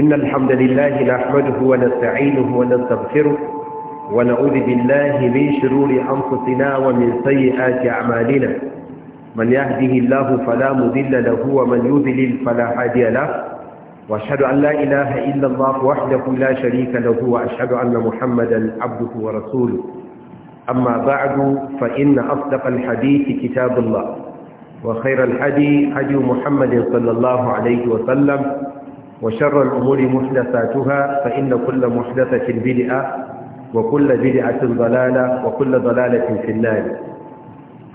إن الحمد لله نحمده ونستعينه ونستغفره ونعوذ بالله من شرور أنفسنا ومن سيئات أعمالنا من يهده الله فلا مذل له ومن يذلل فلا هادي له وأشهد أن لا إله إلا الله وحده لا شريك له وأشهد أن محمدا عبده ورسوله أما بعد فإن أصدق الحديث كتاب الله وخير الحديث حديث محمد صلى الله عليه وسلم وشر الأمور محدثاتها فإن كل محدثة بدعة وكل بدعة ضلالة وكل ضلالة في النار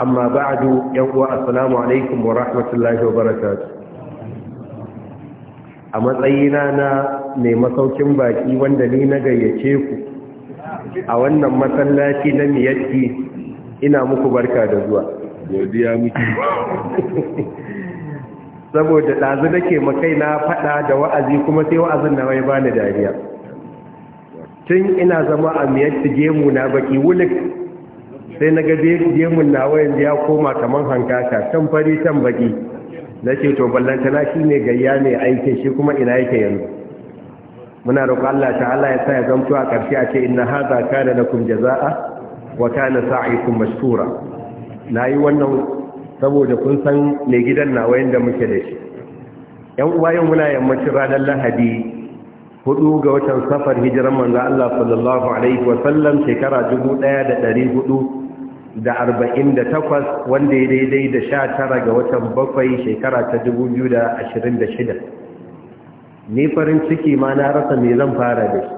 أما بعد يوم السلام عليكم ورحمة الله وبركاته a matsayina na mai masaukin baƙi wanda ni na gayyace ku a wannan masallaci na miyatti ina muku barka da zuwa godiya muke saboda ɗazu nake makai na faɗa da wa'azi kuma sai wa'azin na mai bani dariya tun ina zama a miyatti gemu na baki wulik sai na ga gemun na wayan ya koma kamar hankaka can fari can baki na ce to na shi ne gayya ne aiki shi kuma ina yake yanzu muna roƙo Allah ta'ala ya sa ya zamto a ƙarshe a ce inna hadha kana lakum jazaa wa kana sa'ikum mashkura nayi wannan saboda kun san mai gidan nawa yadda muke da shi yan uwa muna yammacin ranar lahadi hudu ga watan safar hijiran manzo Allah sallallahu alaihi wa sallam shekara 1448 wanda ya daidai da sha tara ga watan bakwai shekara ta 2026 ni farin ciki ma na rasa me zan fara da shi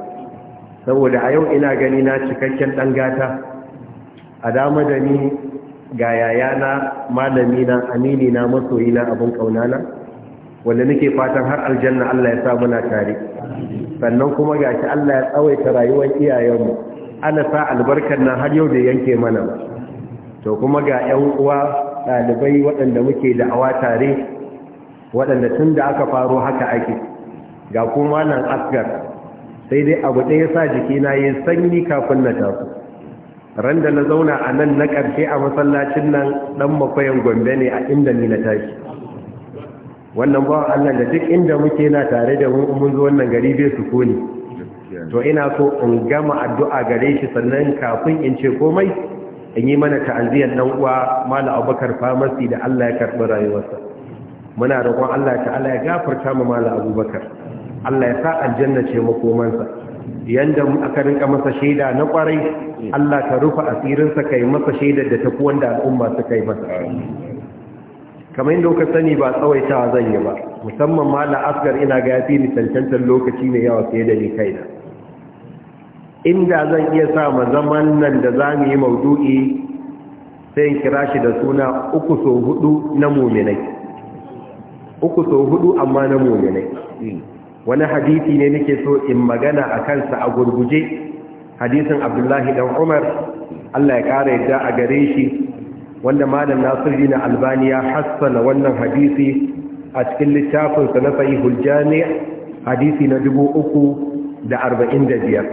saboda a yau ina gani na cikakken ɗan gata a dama da ni ga yayana malamina aminina masoyina abin ƙaunana wanda nake fatan har aljanna Allah ya sa muna tare sannan kuma ga shi Allah ya tsawaita rayuwar iyayenmu ana sa albarkar nan har yau da yanke mana to kuma ga ƴan uwa ɗalibai waɗanda muke da'awa tare waɗanda tun da aka faro haka ake ga kuma nan asgar sai dai abu ɗaya sa jikina yin sanyi kafin na taso ran da na zauna a nan na ƙarfe a masallacin nan ɗan makwayan gombe ne a inda ni na tashi wannan bawa allah da duk inda muke na tare da mu mun zo wannan gari bai su ko ne to ina so in gama addu'a gare shi sannan kafin in ce komai in yi mana ta'aziyar dan uwa Malam abubakar famasi da allah ya karɓi rayuwarsa muna roƙon allah ta'ala ya gafarta mu Malam abubakar allah ya sa aljanna ce makomansa yanda aka rinka masa shaida na kwarai Allah ka rufa asirinsa kai masa shaida da tafi wanda al'umma su kai masa kamar yadda kuka sani ba tsawaitawa zan yi ba musamman ma la'asgar ina ga yafi ni cancantar lokaci mai yawa fiye da ni kaina inda zan iya sa ma zaman nan da za mu yi maudu'i sai in kira shi da suna uku so hudu na muminai uku so hudu amma na muminai wani hadisi ne nake so in magana a kansa a gurguje hadisin abdullahi dan umar allah ya kara yadda a gare shi wanda malam nasiru na albani ya hassana wannan hadisi a cikin littafinsa na sahihul jami hadisi na dubu uku da arba'in da biyar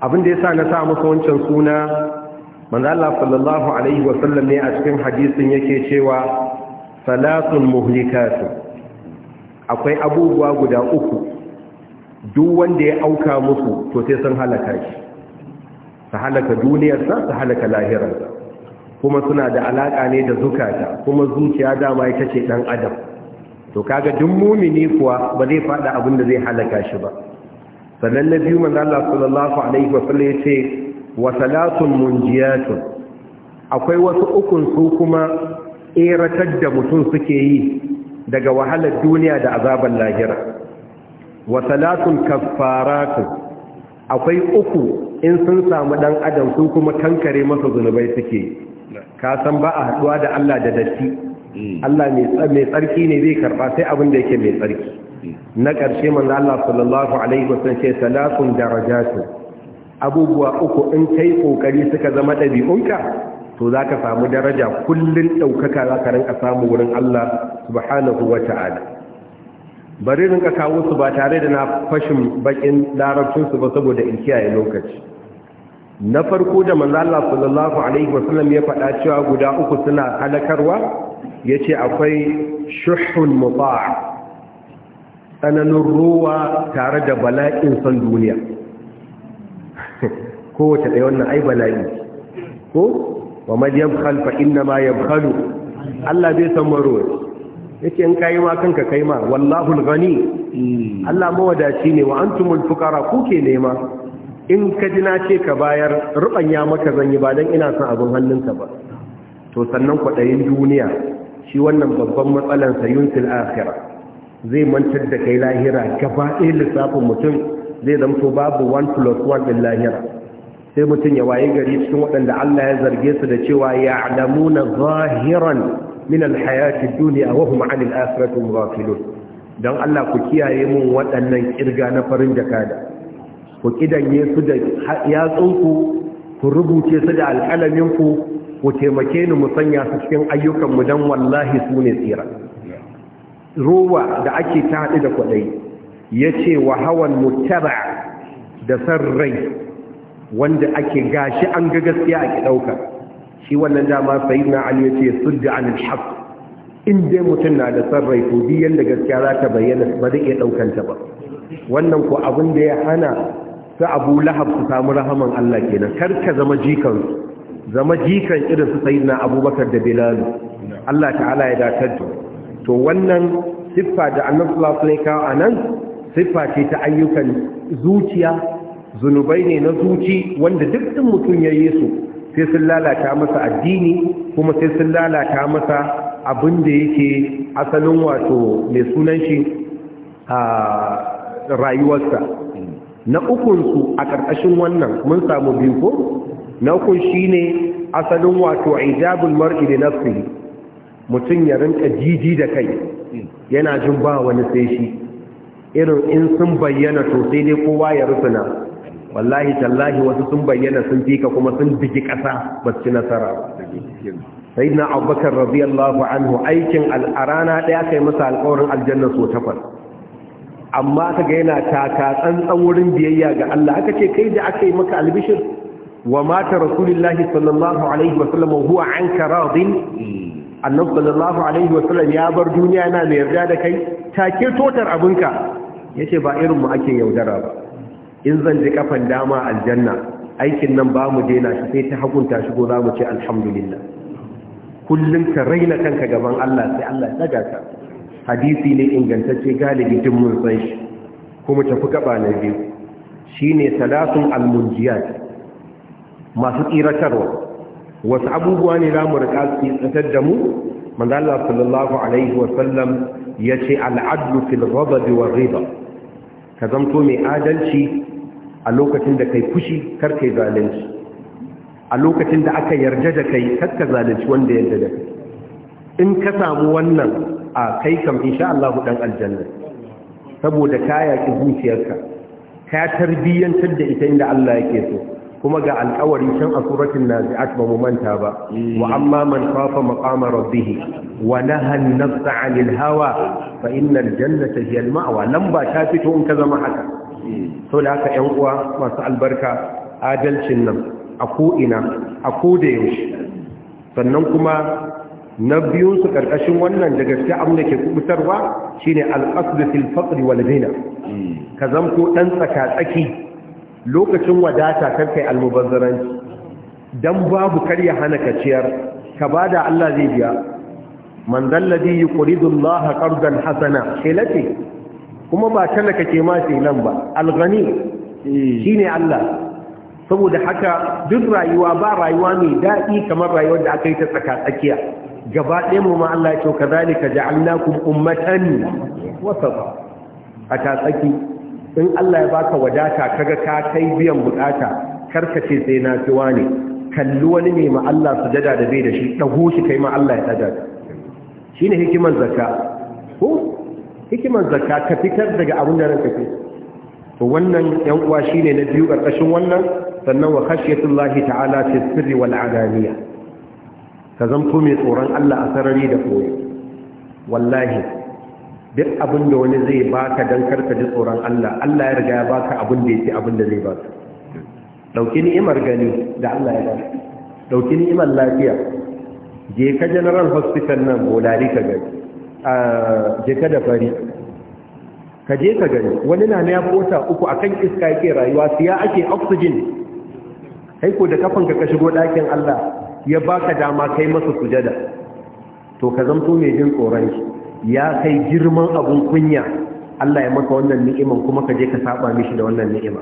abin da ya sa na sa musu wancan suna manzo Allah sallallahu alaihi wasallam ne a cikin hadisin yake cewa salatun Muhlikatu. akwai abubuwa guda uku duk wanda ya auka musu to sai sun halaka shi su halaka duniyarsa su halaka lahirarsa kuma suna da alaƙa ne da zukata kuma zuciya dama ita ce dan adam to kaga duk mumini kuwa ba zai fada abin da zai halaka shi ba sannan na biyu manzo Allah sallallahu alaihi wa sallam yace wa salatun munjiyatun akwai wasu ukun su kuma eratar da mutum suke yi daga wahalar duniya da azaban lahira wa salatun kaffaratu akwai uku in sun samu dan adam sun kuma kankare masa zunubai suke ka san ba a haduwa da Allah da datti Allah mai tsarki ne zai karba sai abin da yake mai tsarki na ƙarshe manzo Allah sallallahu alaihi wasallam ce salatun darajatu abubuwa uku in kai kokari suka zama dabi'unka to za ka samu daraja kullum ɗaukaka za ka rinka samu wurin Allah subhanahu wa ta'ala bari rinka kawo su ba tare da na fashin bakin larabcinsu ba saboda in kiyaye lokaci na farko da manzo sallallahu alaihi wasallam ya faɗa cewa guda uku suna halakarwa yace akwai shuhun muta' tsananin ruwa tare da bala'in son duniya kowace ɗaya wannan ai bala'i ko wa man yabkhal fa inna ma yabkhalu Allah bai san marowa yace in kai ma kanka kai ma wallahu al hmm. Allah mawadaci ne wa antumul fuqara kuke nema in ka ji na ce ka bayar ya maka zanyi ba dan ina son abin hannunka ba to sannan kwaɗayin duniya shi wannan babban matsalan sayunsil akhira zai mantar da kai lahira gaba ɗaya lissafin mutum zai zamto babu 1 plus 1 ɗin lahira sai mutum ya waye gari cikin waɗanda Allah ya zarge su da cewa ya na zahiran min alhayati duniya wa hum anil akhirati ghafilun dan Allah ku kiyaye mun waɗannan kirga na farin jakada ku kidanye su da yatsunku ku rubuce su da alƙalamin ku ku taimake ni mu sanya su cikin ayyukan mu dan wallahi su ne tsira ruwa da ake ta haɗu da kwaɗayi ya ce wa hawan mutaba da san rai wanda ake gashi an ga gaskiya ake ɗauka shi wannan dama sayi na ali ya ce sudda an al-haq in dai mutum na da son rai to biyan da gaskiya za ta bayyana ba zai daukan ɗaukanta ba wannan ko abin da ya hana sa abu lahab su samu rahaman allah kenan kar ka zama jikan zama jikan irin su sayyidina abubakar da bilal allah ta'ala ya datar to wannan siffa da annabi sallallahu alaihi wasallam anan siffa ce ta ayyukan zuciya zunubai ne na zuci wanda duk din mutum ya yi su sai sun lalata masa addini kuma sai sun lalata masa abin da yake asalin wato mai sunan shi a rayuwarsa na ukunsu a ƙarƙashin wannan mun samu biyu ko na ukun shi ne asalin wato a ijabul mar'i da nafsihi mutum ya rinka jiji da kai yana jin ba wani sai shi irin in sun bayyana to sai dai kowa ya rusuna wallahi tallahi wasu sun bayyana sun fika kuma sun biki ƙasa ba su ci nasara sai na abubakar radiyallahu anhu aikin al'arana ɗaya kai masa alƙawarin aljanna so takwas amma ka ga yana taka tsantsan wurin biyayya ga Allah aka ce kai da aka yi maka albishir wa mata rasulillahi sallallahu alaihi wa sallam huwa an karadin annabi sallallahu alaihi wa sallam ya bar duniya yana mai yarda da kai take totar abinka yace ba irin mu ake yaudara ba in zan ji kafan dama aljanna aikin nan ba mu daina shi sai ta hakunta shigo za mu ce alhamdulillah kullum ka raina kanka gaban Allah sai Allah ya daga ka hadisi ne ingantacce galibi duk mun san shi kuma tafi gaba na biyu shine salatun almunjiyat masu tsiratarwa wasu abubuwa ne zamu mu rika tsirar da mu manzo Allah sallallahu alaihi wa sallam yace al'adlu fil ghadab wa ghidab ka zamto mai adalci a lokacin da kai fushi kar kai zalunci a lokacin da aka yarda da kai kar zalunci wanda yadda da in ka samu wannan a kai kam insha Allah dan aljanna saboda ka yaki zuciyarka ka tarbiyyantar da ita inda Allah yake so kuma ga alƙawari can a suratul nazi'at ba mu manta ba mm. wa amma man khafa maqama rabbih wa naha nafsa 'anil hawa fa innal jannata hiya al-ma'wa lamba ta fito in ka zama haka saboda haka ƴan uwa masu albarka adalcin nan a ko'ina a da yaushe sannan kuma na biyunsu ƙarƙashin wannan da gaske abin da ke kubutarwa shine al'asdu fil faqri wal ka zamto ɗan tsaka tsaki lokacin wadata kar kai almubazzaranci dan babu karya hana kaciyar ka bada Allah zai biya man dal ladhi yuqridu laha qardan hasana kuma ba talaka ke ma nan ba alghani eh. ne Allah saboda haka duk rayuwa ba rayuwa mai daɗi kamar rayuwar da aka yi ta tsaka tsakiya gaba ɗaya mu ma Allah ya ce ka zalika ja'alnakum ummatan wasafa a ta tsaki in Allah ya baka wadata kaga ka kai biyan bukata karkace sai na fiwa ne kalli wani ne ma Allah sujada da bai da shi dago shi kai ma Allah ya Shi ne hikimar zakka hikimar zakka ka fitar daga abin da ranka ke to wannan yan uwa shine na biyu karkashin wannan sannan wa khashiyatullahi ta'ala fi sirri wal alaniya ka zanto mai tsoron Allah a sarari da koyi wallahi duk abin da wani zai baka dan karka ji tsoron Allah Allah ya riga ya baka abin da yake abin da zai baka dauki ni'imar gani da Allah ya baka dauki ni'imar lafiya je ka general hospital nan bolari ka gani jeka da fari ka je ka gani wani na ya wata uku akan iska yake rayuwa siya ake oxygen haiko da kafanka ka shigo ɗakin Allah ya baka dama kai masa sujada to ka zamto mai jin tsoron shi ya kai girman abun kunya Allah ya maka wannan ni'iman kuma ka je ka saba mishi da wannan ni'ima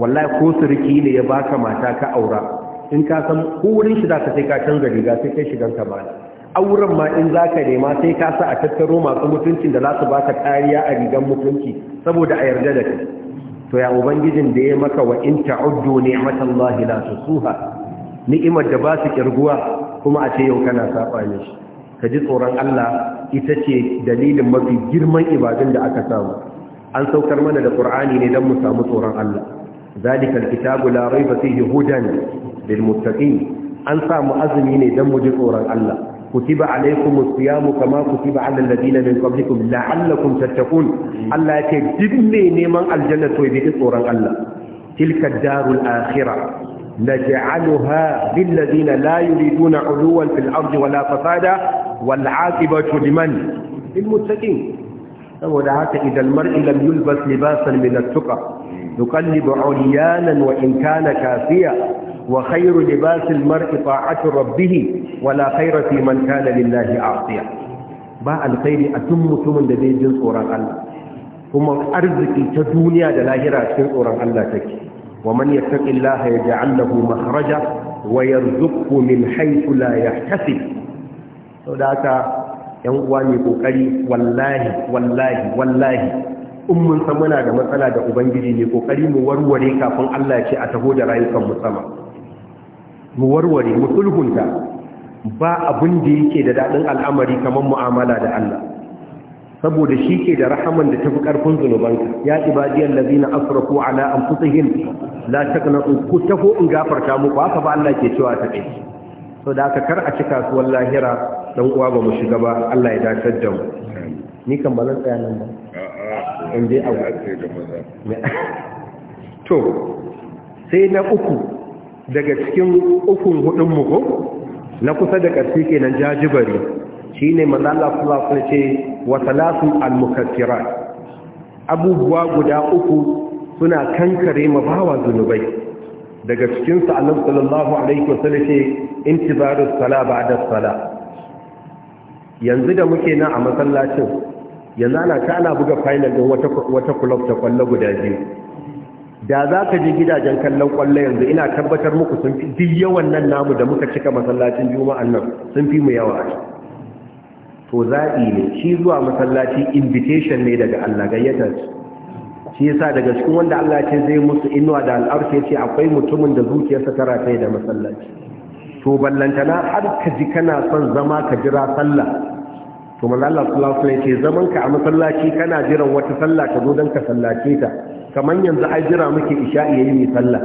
wallahi ko surki ne ya baka mata ka aura in ka san ko wurin shi ka sai ka canza riga sai kai shigan ka bana auren ma in za ka nema sai ka sa a tattaro masu mutuncin da za su baka kariya a rigan mutunci saboda a yarda da ka. to ya ubangijin da ya maka wa in ta'uddu ni'matallahi la tusuha ni'imar da ba su kirguwa kuma a ce yau kana saba ne shi ka ji tsoron Allah ita ce dalilin mafi girman ibadun da aka samu an saukar mana da qur'ani ne don mu samu tsoron Allah zalika alkitabu la raiba fihi hudan lil muttaqin an samu azumi ne don mu ji tsoron Allah كتب عليكم الصيام كما كتب على الذين من قبلكم لعلكم تتقون الله يجدني نيمان الجنة ويبيت قرآن الله تلك الدار الآخرة نجعلها للذين لا يريدون علوا في الأرض ولا فسادا والعاقبة لمن؟ للمتقين ودعاك إذا المرء لم يلبس لباسا من التقى يقلب عريانا وإن كان كافيا wa khairu libasil mar'i ta'atu rabbih wala khaira fi man kana lillahi asiya ba alkhairi a tun mutumin da zai jin tsoron Allah kuma arziki ta duniya da lahira cikin tsoron Allah take wa man yattaqillaha yaj'al lahu makhraja wa yarzuqhu min haythu la yahtasib saboda haka yan uwa ne kokari wallahi wallahi wallahi in mun san muna da matsala da ubangiji ne kokari mu warware kafin Allah ya ce a taho da rayukan mu sama mu warware mu sulhunta ba abin da yake da daɗin al'amari kamar mu'amala da Allah saboda shi ke da rahaman da tafi ƙarfin zunubanka ya ibadiyar na asrafu ala anfusihim la na ku taho in gafarta muku haka ba Allah ke cewa ta kai so da aka kar a ci kasuwar lahira dan uwa ba mu shiga ba Allah ya dakar da mu ni kan ba tsaya nan ba in dai abu to sai na uku daga cikin ukun hudun muku na kusa da ƙarfi kenan jajibari shine ne Allah sallallahu ce wa al abubuwa guda uku suna kankare ma zunubai daga cikin sa sallallahu alaihi wasallam ce intibarus sala da sala yanzu da muke nan a masallacin yanzu ana ta ana buga final din wata wata club ta kwallo guda biyu da za ka ji gidajen kallon kwallo yanzu ina tabbatar muku sun fi duk yawan nan namu da muka cika masallacin juma'an nan sun fi mu yawa a to zaɓi ne shi zuwa masallaci invitation ne daga Allah gayyatar shi yasa daga cikin wanda Allah ce zai musu inuwa da al'arshi ce akwai mutumin da zuciyarsa ta ta da masallaci to ballantana har ka ji kana son zama ka jira sallah to manzo Allah sallallahu alaihi wasallam ce zaman ka a masallaci kana jiran wata sallah ka zo dan ka sallace ta kamar yanzu ai jira muke isha'i yayi mi sallah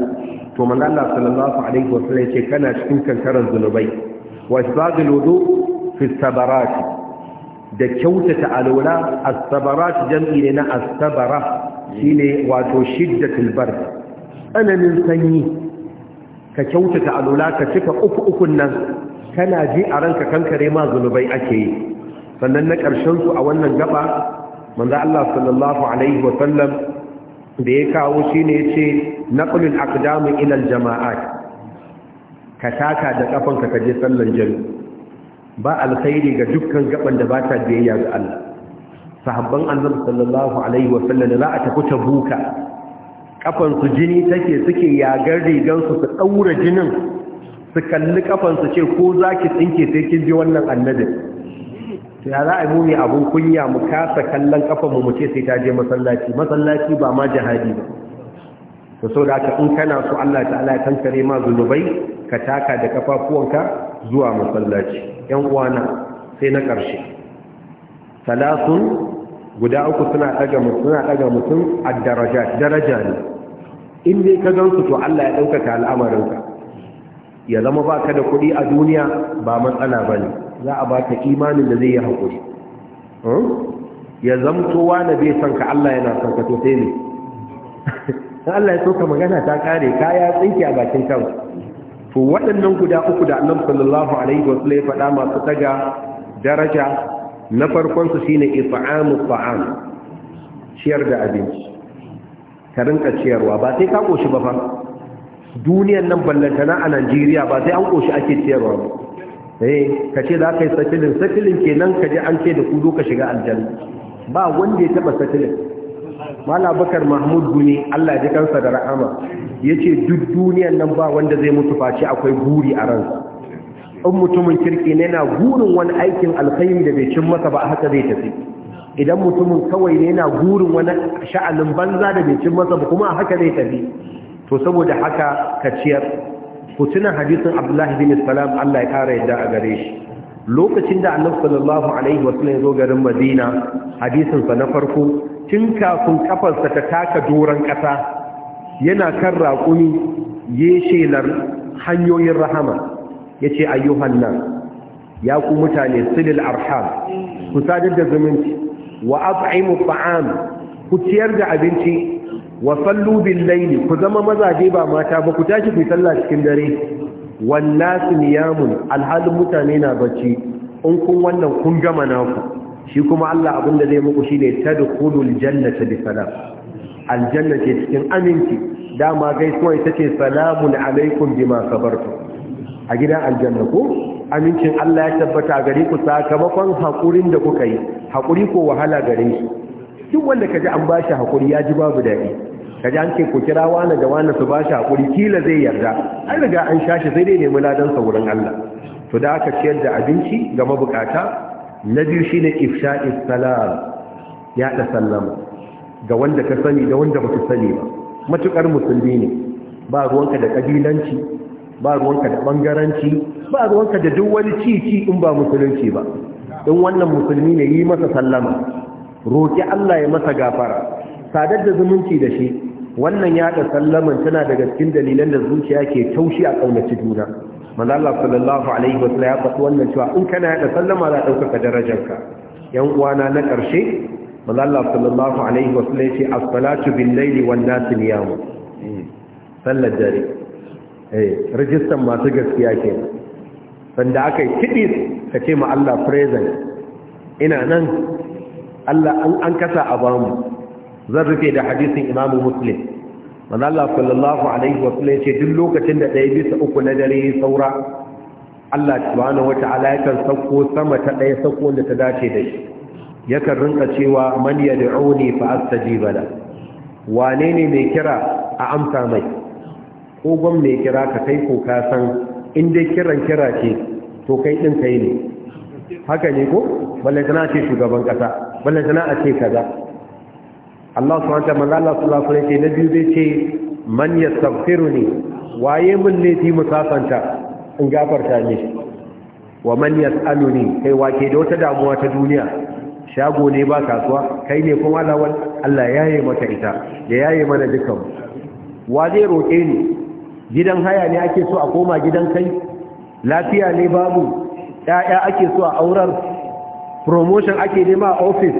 to manzo Allah sallallahu alaihi wasallam yace kana cikin kankaran zunubai wa isbagul wudu fi sabarat da kyautata alwala as-sabarat jam'i ne na as-sabara shine wato shiddatul bard tsananin sanyi ka kyautata alwala ka cika uku ukun nan kana ji a ranka kankare ma zunubai ake yi sannan na ƙarshen su a wannan gaba manzo Allah sallallahu alaihi wasallam da ya kawo shi ne ce, aqdam ila ilal jama'a. ka taka da kafanka ka je sallan jami'i ba alkhairi ga dukkan gaban da ba ta biyayya ga Allah sahabban annabi sallallahu alaihi wa sallam za a tafi tabuka su jini take suke yagar rigan su su daura jinin su kalli su ce ko zaki tsinke sai kin ji wannan annabi to ya za a mu abun kunya mu kasa kallon kafan mu ce sai ta je masallaci masallaci ba ma jihadi ba to so da ka in kana so Allah ta'ala ya kankare ma zunubai ka taka da kafafuwanka zuwa masallaci yan uwana sai na ƙarshe. salasun guda uku suna daga mutum suna daga mutum a daraja daraja ne in dai ka gansu to Allah ya ɗaukaka al'amarinka ya zama baka da kuɗi a duniya ba matsala bane za a ba ta imanin da zai yi haƙuri hmm? ya zamtowa na bai son ka Allah yana son ka to ne dan Allah ya soka magana ta kare kaya tsinki a bakin kan to waɗannan guda uku da Annabi sallallahu alaihi wa wasallam ya faɗa masu taga daraja na farkon su shine ifa'amu ta'am ciyar da abinci ka rinka ciyarwa ba sai ka koshi ba fa duniyar nan ballantana a Najeriya ba sai an koshi ake ciyarwa ba eh ka ce za ka yi satilin satilin kenan ka ji an ce da kudu ka shiga aljanna ba wanda ya taba satilin mala bakar mahmud guni allah ya ji kansa da Rahama, ya ce duk duniyan nan ba wanda zai mutu face akwai guri a ransa in mutumin kirki ne na gurin wani aikin alkhairi da bai cin masa ba haka zai tafi idan mutumin kawai ne na gurin wani sha'anin banza da bai cin masa ba kuma haka zai tafi to saboda haka ka ciyar ku tuna hadisin abdullahi bin Allah ya kara yadda a gare shi lokacin da annabi sallallahu alaihi wasallam ya zo garin madina hadisin sa na farko tun kafin kafarsa ta taka doron kasa yana kan raƙumi ya shelar hanyoyin rahama ce ayyuhan nan ya ku mutane silil arham ku sadar da zumunci wa at'imu ta'am ku ciyar da abinci wa sallu bil layli ku zama mazaje ba mata ba ku tashi ku sallah cikin dare wan nasu niyamun alhalin mutane na bacci in kun wannan kun gama naku shi kuma Allah abin da zai muku shine tadkhulul jannata bi salam aljanna ce cikin aminci dama gaisuwan ita ce Salamu alaikum bima sabartum a gidan aljanna ko amincin Allah ya tabbata gare ku sakamakon hakurin da kuka yi hakuri ko wahala gare shi duk wanda kaji an bashi hakuri ya ji babu dadi Ka an ce ku kira wani da wani su ba shi haƙuri kila zai yarda an riga an sha shi sai dai nemi ladan sa wurin Allah to da aka ciyar da abinci ga mabukata na biyu ne ifsha'is salam ya da sallama ga wanda ka sani da wanda baka sani ba matukar musulmi ne ba ruwanka da kabilanci ba ruwanka da bangaranci ba ruwanka da duk wani cici in ba musulunci ba in wannan musulmi ne yi masa sallama roki Allah ya masa gafara sadar da zumunci da shi wannan yaɗa sallaman tana daga cikin dalilan da zuciya ke taushi a kaunaci juna manzo Allah sallallahu alaihi wasallam ya faɗi wannan cewa in kana yaɗa sallama za ɗaukaka darajarka yan uwana na ƙarshe manzo Allah sallallahu alaihi wasallam ya ce as-salatu bil laili wan nas niyamu sallar dare eh rajistan masu gaskiya kenan sanda aka yi tidis ka ce ma Allah present ina nan Allah an kasa a bamu zan rufe da hadisin imamu muslim manzo Allah sallallahu alaihi wa sallam ce duk lokacin da ɗaya bisa uku na dare ya saura Allah subhanahu wataala yakan sauko sama ta ɗaya sauko da ta dace da shi yakan rinka cewa man yad'uni fa astajiba la wane ne mai kira a amsa mai ko gwam mai kira ka kai ko ka san in dai kiran kira ce to kai din kai ne haka ne ko tana ce shugaban kasa ballantana a ce kaza Allah su wata ta'ala Allah sallallahu alaihi na biyu zai ce man ne. waye mun laifi musafanta in gafarta ne. wa man ne kai wake da wata damuwa ta duniya shago ne ba kasuwa kai ne kuma lawan Allah ya yi mata ita ya yaye mana dukkan wa zai roƙe ni gidan haya ne ake so a koma gidan kai lafiya ne babu yaya ake so a auren promotion ake nema a ofis?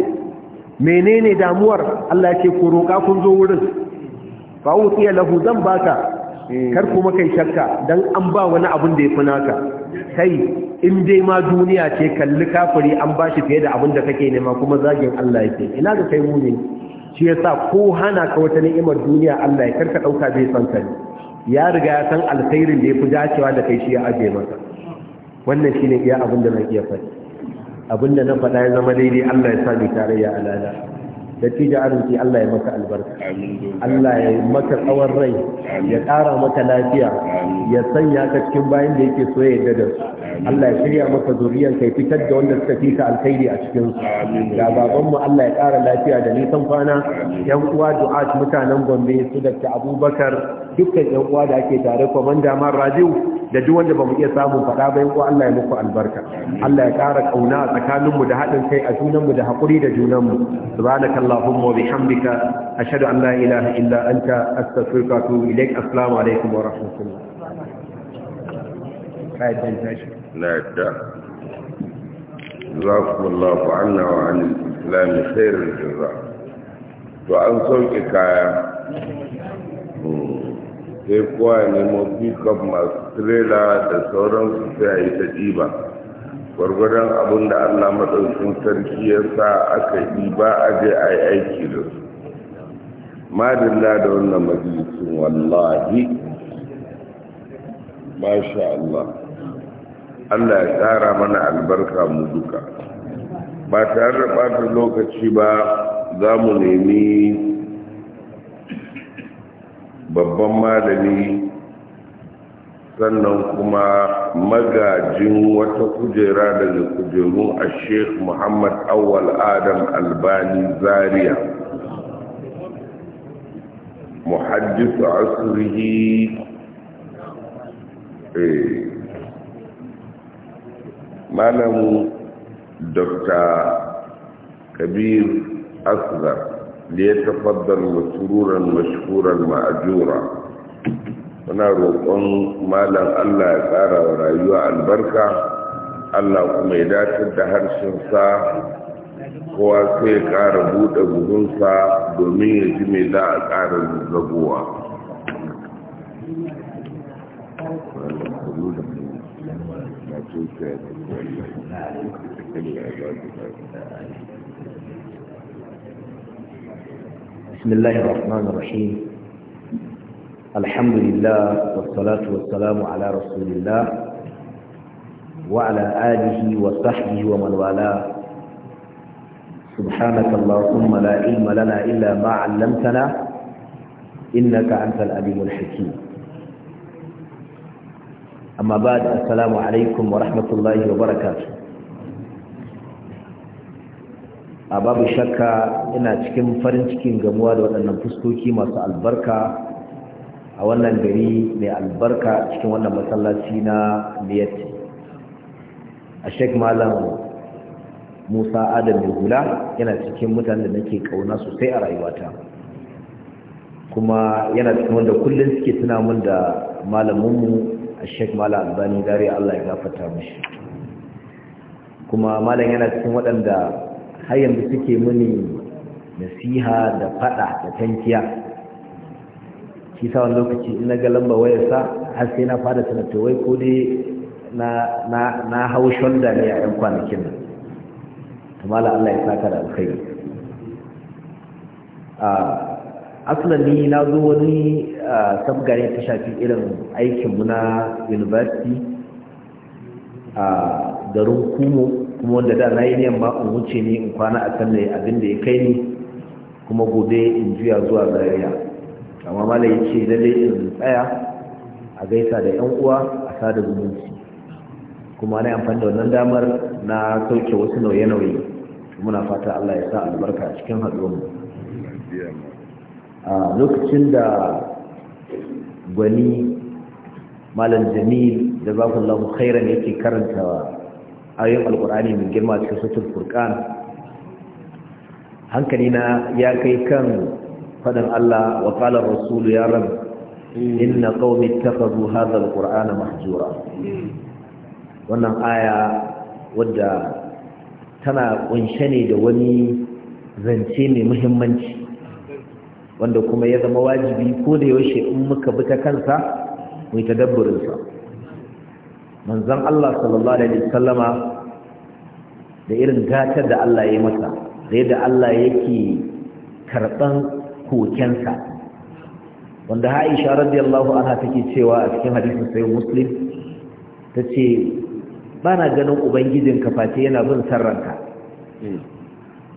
menene damuwar Allah ce ku roƙa kun zo wurin fa utiya lahu zan baka eh. kar kuma kai shakka dan an ba wani abin da ya yafi naka kai in dai ma duniya ce kalli kafiri an bashi fiye da abin da kake nema kuma zagin Allah yake ina ga kai mune shi yasa ko hana ka wata ni'imar duniya Allah ya karka dauka bai san ka ya riga ya san alkhairin da yafi dacewa da kai shi ya aje maka wannan shine iya abin da na iya faɗi abinda na faɗa ya zama daidai Allah ya sa ni tarayya a lada da tija arziki Allah ya maka albarka Allah ya maka tsawon rai ya ƙara maka lafiya ya sanya ka cikin bayan da yake so ya yarda da su Allah ya shirya maka zuriyar kai fitar da wanda suka fika alkhairi a cikin su da baban Allah ya ƙara lafiya da nisan kwana yan uwa du'a mutanen Gombe su da Abubakar dukkan yan uwa da ake tare komanda man Rajiu da duk wanda bamu iya samun faɗa ba yan uwa Allah ya muku albarka Allah ya ƙara kauna a tsakanin mu da haɗin kai a junanmu da hakuri da junanmu mu subhanakallahumma wa bihamdika ashhadu an la ilaha illa anta astaghfiruka wa atubu ilaik assalamu alaikum wa rahmatullah ƙaddanta shi na yadda za ku wallafa anna wa an islami sairin to an sauke kaya sai kowa ya nemo pickup masu trela da sauransu sai a ta ɗiba gwargwadon abin da allah maɗaukin sarki ya sa aka ba a je a yi aiki da su madalla da wannan majalisun wallahi masha Allah Allah ya tsara mana albarka mu duka ba tare da ɓata lokaci ba za mu nemi babban malami sannan kuma magajin wata kujera daga kujerun a sheikh muhammad awal adam albani zaria muhaddisu asirihi eh, malam dr kabir asgar liyatafaddal masururan mashhuran ma'ajura muna roƙon malam Allah ya tsara wa rayuwa albarka Allah kuma ya datar da harshensa kowa sai ya ƙara buɗe buhunsa domin ya ji mai za a ƙara zazzagowa بسم الله الرحمن الرحيم الحمد لله والصلاة والسلام على رسول الله وعلى آله وصحبه ومن والاه سبحانك اللهم لا علم لنا إلا ما علمتنا إنك أنت الأليم الحكيم amma ba da assalamu alaikum wa rahmatullahi wa barakatu a babu shakka ina cikin farin cikin gamuwa da waɗannan fuskoki masu albarka a wannan gari mai albarka cikin wannan masallaci na liyatti a sheik malam musa adam hula yana cikin mutanen da nake kauna sosai a rayuwata kuma yana cikin wanda kullum suke tuna mun da mu. a sheik mala albani dare allah ya gafarta mashi kuma malam yana cikin waɗanda har yanzu suke muni nasiha da faɗa da tankiya shi sa wani lokaci ina ga lamba wayarsa har sai na fara sanata wai ko dai na hau shonda ne a 'yan kwanakin nan kamala allah ya saka da alkhairi ah, aslan ni na zo wani sabgare ta shafi irin aikinmu na university a garin kumo kuma wanda da na yi ne ma in wuce ne in kwana a kan abin da ya kai ni kuma gobe in juya zuwa zariya amma mala ya ce lalle in tsaya a gaisa da yan uwa a sada zumunci kuma na amfani da wannan damar na sauke wasu nauye-nauye muna fata Allah ya sa albarka cikin haɗuwar mu a lokacin da gwani malam jamil da lafi khairan yake karanta ayoyin alkur'ani mai girma cikin sutul furkan hankali na ya kai kan fadin Allah wa kalar rasulu, ya rab inna qaumi ittakhadhu hadha alqur'ana mahjura wannan aya wadda tana kunshe ne da wani zance mai muhimmanci wanda kuma ya zama wajibi ko da yaushe in muka bi ta kansa mu yi tadabburinsa manzon Allah sallallahu alaihi wasallama da irin gatar da Allah ya yi masa da yadda Allah yake karban kokensa wanda Aisha radiyallahu anha take cewa a cikin hadisin sai Muslim tace bana ganin ubangijin Fati yana bin sarranka hmm.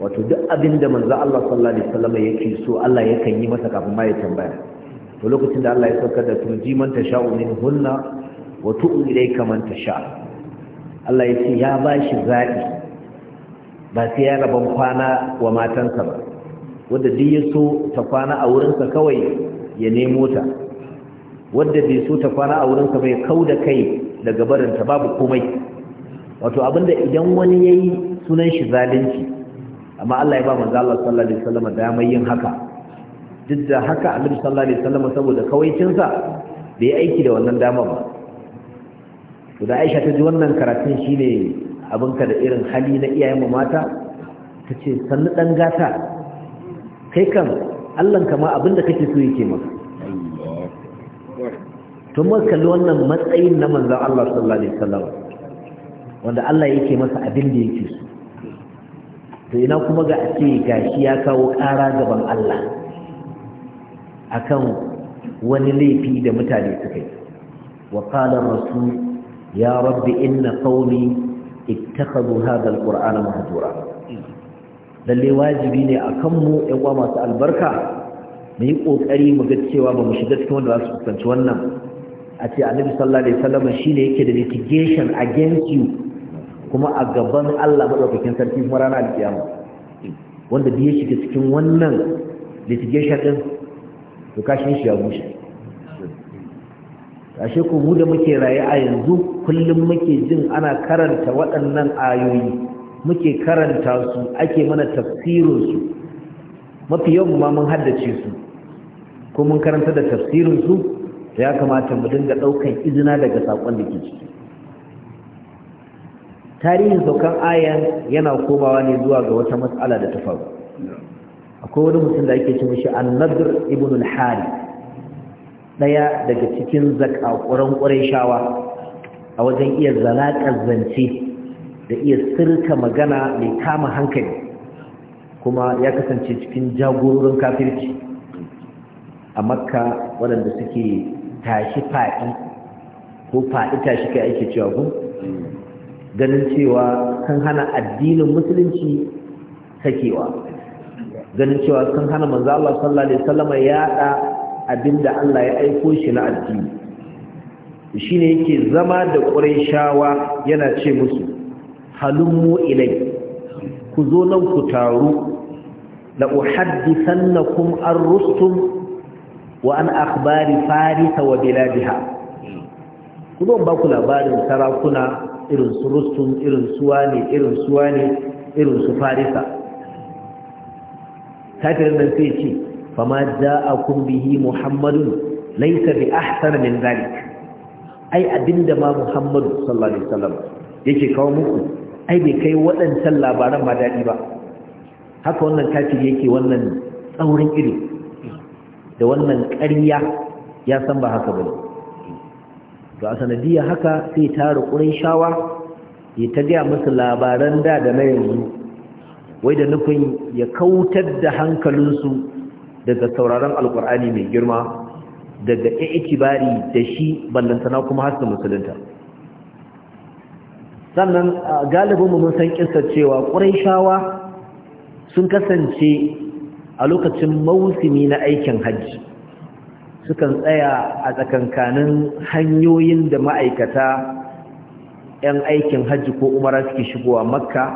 wato duk abin da manzo Allah sallallahu alaihi wasallam yake so Allah yakan yi masa kafin ma ya tambaya to lokacin da Allah ya saukar da turji man tasha'u min hunna wa tu'u ilayka ta sha. Allah ya ce ya bashi zabi ba sai ya rabon kwana wa matansa ba wanda duk ya so ta kwana a wurinsa kawai ya nemo ta wanda bai so ta kwana a wurinsa bai kauda kai daga barinta babu komai wato abinda idan wani yayi sunan shi zalunci amma Allah ya ba manzo Allah sallallahu alaihi wasallam damar yin haka duk da haka Annabi sallallahu alaihi wasallam saboda kawaicinsa bai aiki da wannan damar ba to da Aisha ta ji wannan karatun shine abinka da irin hali na iyayen mu mata tace sannu dan gata kai kan Allah kama abinda kake so yake maka to mun kalli wannan matsayin na manzon Allah sallallahu alaihi wasallam wanda Allah yake masa abin da yake so to ina kuma ga ce shi ya kawo ƙara gaban Allah akan wani laifi da mutane suka yi wa qala rasul ya rabbi inna qaumi ittakhadhu hadha alqur'ana mahjura lalle wajibi ne akan mu ƴan uwa masu albarka mu yi ƙoƙari mu ga cewa ba mu shiga cikin wanda za su wannan a ce annabi sallallahu alaihi wasallam shine yake da litigation against you kuma a gaban Allah madaukakin sarki kuma rana alkiyama wanda da ya shiga cikin wannan litigation din to kashin shi ya bushe ashe ko mu da muke raye a yanzu kullum muke jin ana karanta waɗannan ayoyi muke karanta su ake mana tafsirin su mafi yawan ma mun haddace su ko mun karanta da tafsirin su ya kamata mu dinga ɗaukan izina daga sakon da ke ciki tarihin saukan ayan yana komawa ne zuwa ga wata matsala da ta akwai wani mutum da ake ce mishi annadir ibn al-hari daya daga cikin zakakuran shawa, a wajen iya zalakar zance da iya sirka magana mai kama hankali kuma ya kasance cikin jagororin kafirci a makka waɗanda suke tashi faɗi ko faɗi tashi kai ake cewa ku ganin cewa sun hana addinin musulunci sakewa ganin cewa sun hana manzo Allah sallallahu alaihi wasallam ya abinda Allah ya aiko shi na addini shine yake zama da Qurayshawa yana ce musu halummu ilai ku zo nan ku taru la uhaddithannakum ar-rustum wa an akhbari farisa wa biladiha ku zo ba ku labarin sarakuna irin su rustum irin su wane irin su wane irin su farisa kafirin nan sai ce fama ja'akum bihi muhammadun laysa bi ahsana min zalik ai abinda ma muhammadu sallallahu alaihi wasallam yake kawo muku ai bai kai waɗancan labaran ma daɗi ba haka wannan kafiri yake wannan tsaurin ido da wannan ƙarya ya san ba haka ne. to a sanadiyar haka sai tara ƙurin shawa ya ta gaya musu labaran da da na yanzu wai da nufin ya kautar da hankalinsu daga sauraron Alƙur'ani mai girma daga ikibari da shi ballantana kuma haska musulunta sannan galibin mu san kissar cewa ƙurayshawa sun kasance a lokacin mausimi na aikin hajji sukan tsaya a tsakankanin hanyoyin da ma'aikata 'yan aikin hajji ko umara suke shigowa makka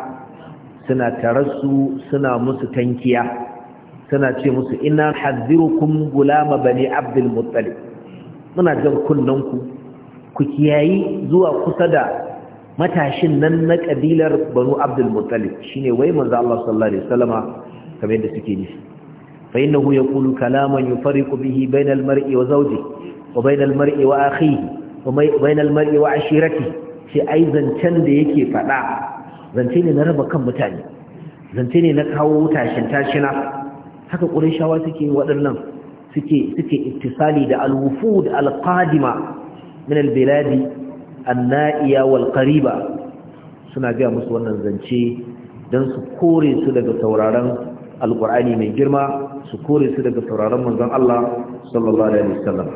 suna tarasu, suna musu tankiya suna ce musu ina hadzirukum gulama bani abdul Mutsali, muna jan kunnanku ku kiyayi zuwa kusa da matashin nan na kabilar banu abdul Mutsali, shine wai manzo Allah sallallahu alaihi wasallama kamar yadda suke nufi فإنه يقول كلاما يفرق به بين المرء وزوجه وبين المرء وأخيه وبين المرء وعشيرته sai ai zancen da yake faɗa zance ne na raba kan mutane zance ne na kawo tashin tashina haka ƙurishawa suke waɗannan suke suke ittisali da al da al-qadima min al-biladi an-na'iya wal-qariba suna ga musu wannan zance dan su kore su daga sauraron. Alƙur'ani mai girma su kore su daga sauraron manzon Allah sallallahu alaihi wasallam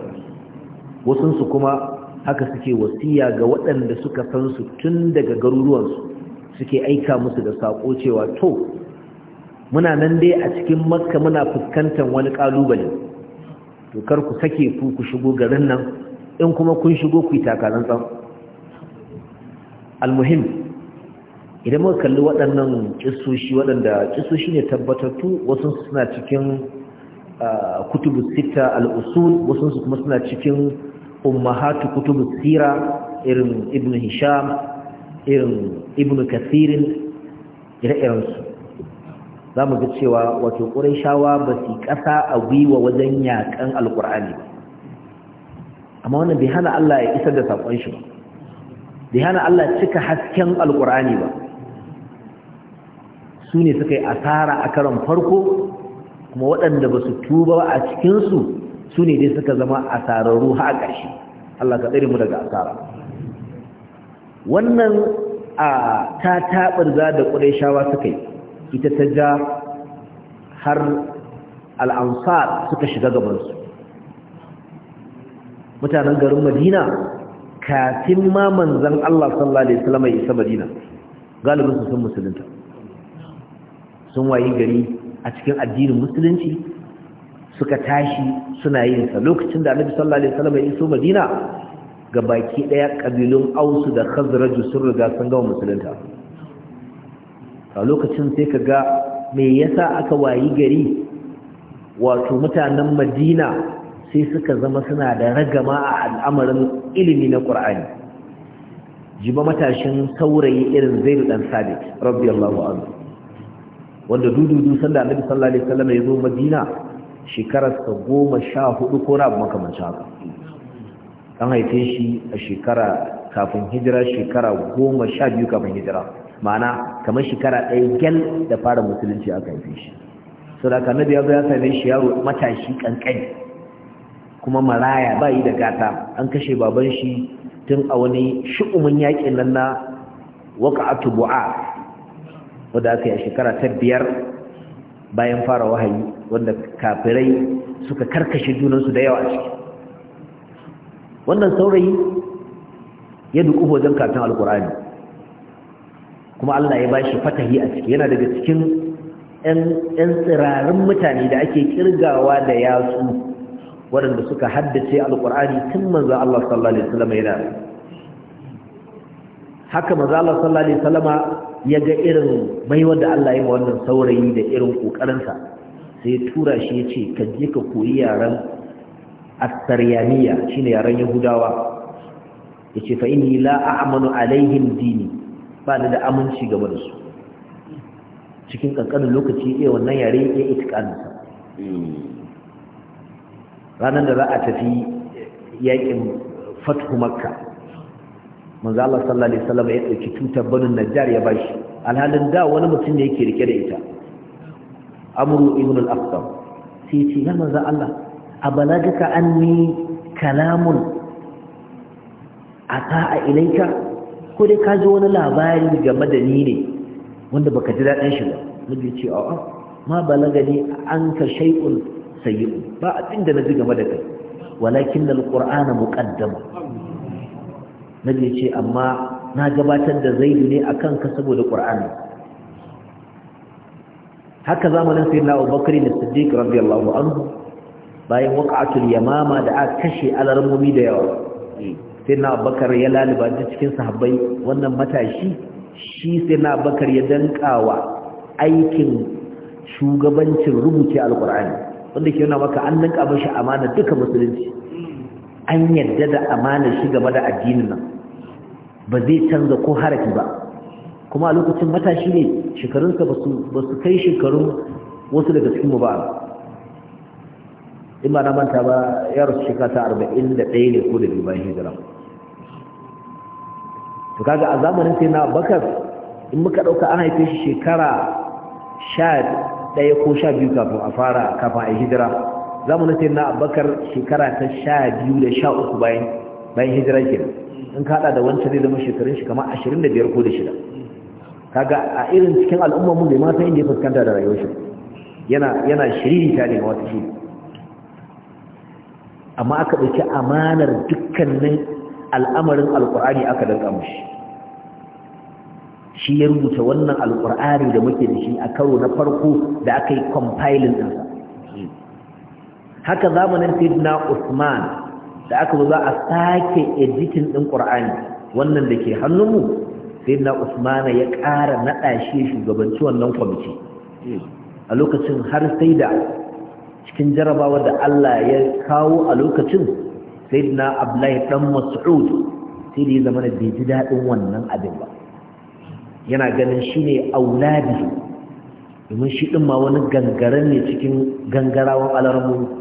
wasun su kuma haka suke wasiya ga waɗanda suka san su tun daga garuruwansu suke aika musu da sako cewa to muna nan dai a cikin makka muna fuskantar wani kalubale to kar ku sake ku ku shigo garin nan in kuma kun shigo ku yi takalan tsan almuhim idan muka kalli waɗannan kisoshi waɗanda kisoshi ne tabbatattu wasu suna cikin kutubu sita al'usul wasu su kuma suna cikin ummahatu kutubu sira irin ibn hisham irin ibn kasirin ire-irensu za mu ga cewa wato shawa ba su ƙasa a gwiwa wajen yaƙan alƙur'ani ba amma wannan bai Allah ya isar da saƙon shi ba bai hana Allah cika hasken alƙur'ani ba su ne suka yi asara a karon farko kuma waɗanda ba su tuba a cikinsu su ne dai suka zama asararru ha a ƙarshe Allah ka tsere mu daga asara wannan a ta za da ƙudaishawa suka yi ita ta ja har al'ansar suka shiga gabansu mutanen garin madina kafin ma manzan Allah sallallahu Alaihi wasallam ya isa madina galibinsu sun musulunta sun wayi gari a cikin addinin musulunci suka tashi suna yin sa lokacin da annabi sallallahu alaihi wasallam ya iso madina ga baki daya kabilun ausu da khazraju sun riga sun gama musulunta a lokacin sai kaga me yasa aka wayi gari wato mutanen madina sai suka zama suna da ragama a al'amarin ilimi na qur'ani jiba matashin saurayi irin zaidu dan sabit radiyallahu anhu wanda dududu sanda annabi sallallahu alaihi wasallam ya zo madina shekarar sa goma ko rabu makamancin haka an haife shi a shekara kafin hijira shekara goma biyu kafin hijira ma'ana kamar shekara ɗaya gyal da fara musulunci aka haife shi sau da ya zo ya sami shi yaro matashi kankani kuma maraya ba yi da gata an kashe baban shi tun a wani shi'umin yaƙin nan na waka'atu bu'a wadda aka yi a shekara ta biyar bayan fara wahayi wanda kafirai suka karkashe junansu da yawa ciki wannan saurayi ya duku wajen kafin alkur'ani kuma allah ya ba shi fatahi a ciki yana daga cikin 'yan tsirarin mutane da ake kirgawa da yatsu waɗanda suka haddace alkur'ani tun manzo allah sallallahu alaihi wasallam yana haka maza Allah sallallahu alaihi wasallama ya ga irin maiwar da Allah ya wannan saurayi da irin sa sai tura shi ya ce ka je ka koyi yaren astariyaniya shine yaren yahudawa ya ce fa inni la a'manu dini ba da aminci game da su cikin kankanin lokaci iya wannan yare ya ƙanisa. ranar da za a tafi yakin fathu makka manzo Allah sallallahu alaihi wasallam ya dauki tutar banin najjar ya bashi alhalin da wani mutum ne yake rike da ita amru ibn al-aqsam sai ce ya manzo Allah abalagaka anni kalamun ata'a ilaika ko dai ka ji wani labari game da ni ne wanda baka ji daɗin shi ba nabi ce a'a ma balagani an ka shay'un sayyi'un ba abin da ji game da kai walakin al-qur'ana muqaddama nabi ce amma na gabatar da zaidu ne a kanka saboda ƙur'ani haka zamanin sai na abubakar da siddiq radiyallahu anhu bayan waƙatul yamama da aka kashe alarmomi da yawa sai na abubakar ya laliba cikin sahabbai wannan matashi shi sai na abubakar ya dankawa aikin shugabancin rubuce alƙur'ani wanda ke nuna maka an danka mashi amana duka musulunci an yarda da amanar shi game da addinin nan ba zai canza ko haraki ba kuma a lokacin matashi ne shekarunsa ba su kai shekarun wasu daga cikinmu ba in ba na manta ba yaro shekara ta arba'in da ɗaya ne ko da biyu bayan hijira to kaga a zamanin sai na bakar in muka ɗauka an haife shi shekara sha ɗaya ko sha biyu kafin a fara kafin a yi hijira Za mu sai na abubakar shekara ta sha biyu da sha uku bayan bayan hijirar ke in ka haɗa da wancan zai zama shekarun shi kamar ashirin da biyar ko da shida kaga a irin cikin al'umma mu bai ma san inda ya fuskanta da rayuwar shi yana yana shiriri ta ne wata shi amma aka ɗauki amanar dukkanin al'amarin alƙur'ani aka danka mushi shi ya rubuta wannan alƙur'ani da muke da shi a karo na farko da aka yi compiling ɗinsa haka zamanin sayyidina Usman da aka zo za a sake editing din Qur'ani wannan da ke mu, sayyidina Usman ya ƙara naɗa shi shugabanci wannan kwamiti a lokacin har sai da cikin jarabawa da Allah ya kawo a lokacin sayyidina Abdullahi dan Mas'ud sai da ya zama da bai ji daɗin wannan abin ba yana ganin shi ne auladi domin shi ɗin ma wani gangara ne cikin gangarawan alarmu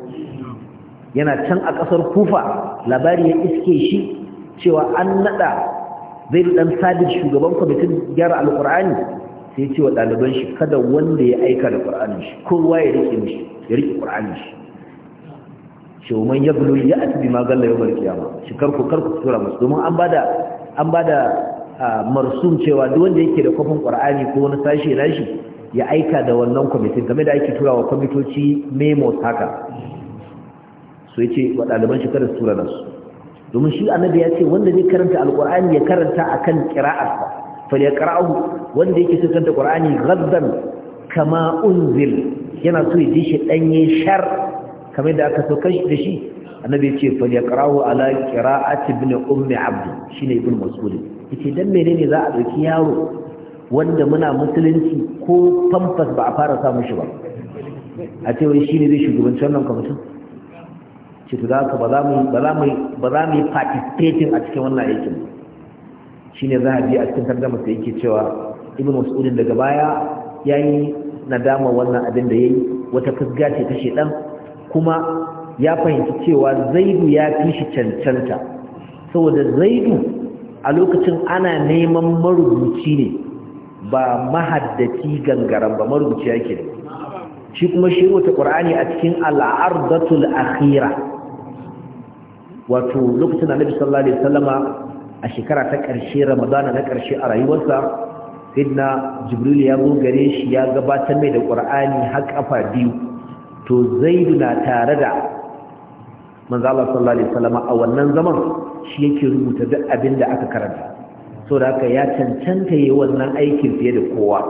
yana can a ƙasar kufa labari ya iske shi cewa an naɗa zai ɗan sabit shugaban kwamitin gyara alƙur'ani sai ce wa ɗaliban shi kada wanda ya aika da ƙur'anin shi kowa ya riƙe mishi ya riƙe ƙur'anin shi cewa man ya gulo ya ati bima galla ya bar kiyama shi karku karku tura musu domin an bada an bada marsum cewa duk wanda yake da kwafin ƙur'ani ko wani sashe nashi ya aika da wannan kwamitin game da ake turawa kwamitoci memos haka so yace wa ɗaliban shi kada su domin shi annabi ya ce wanda zai karanta alqur'ani ya karanta akan qira'arsa fal yaqra'uhu wanda yake son karanta qur'ani ghaddan kama unzil yana so ya ji shi shar kamar da aka saukar da shi annabi ya ce fal yaqra'uhu ala qira'ati ibn ummi abd shine ibn mas'ud yace dan menene za a ɗauki yaro wanda muna musulunci ko pampas ba a fara samun shi ba a ce shi ne zai shugabanci wannan kwamitin ce to za ka ba za mu yi participating a cikin wannan aikin Shi ne za a biya a cikin tarjuma sai yake cewa ibn Mas'udin daga baya ya yayi nadama wannan abin da ya yi. wata fusga ce ta shaidan kuma ya fahimci cewa zaidu ya fi shi cancanta saboda zaidu a lokacin ana neman marubuci ne ba mahaddaci gangaren ba marubuci yake ne shi kuma shi wata qur'ani a cikin al'ardatul akhira wato lokacin annabi sallallahu alaihi wasallama a shekara ta ƙarshe ramadana na ƙarshe a rayuwarsa sidna jibril ya zo gare shi ya gabatar mai da ƙur'ani har ƙafa biyu to zaidu na tare da manzo Allah sallallahu alaihi wasallama a wannan zaman shi yake rubuta duk abin da aka karanta da haka ya cancanta yi wannan aikin fiye da kowa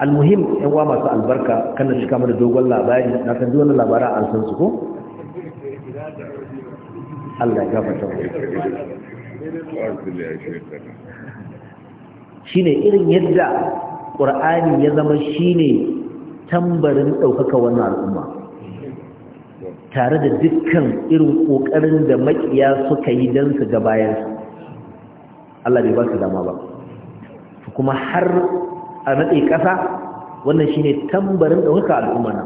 almuhim yan uwa masu albarka kan da shiga mana dogon labari na kan wannan labaran an san su ko Allah ya shi ne irin yadda qur'ani ya zama shi ne tambarin ɗaukaka wannan al'umma tare da dukkan irin ƙoƙarin da makiya suka yi dan su ga bayan Allah bai ba su dama ba kuma har a natsi ƙasa wannan shi ne tambarin ɗaukaka al'umma na,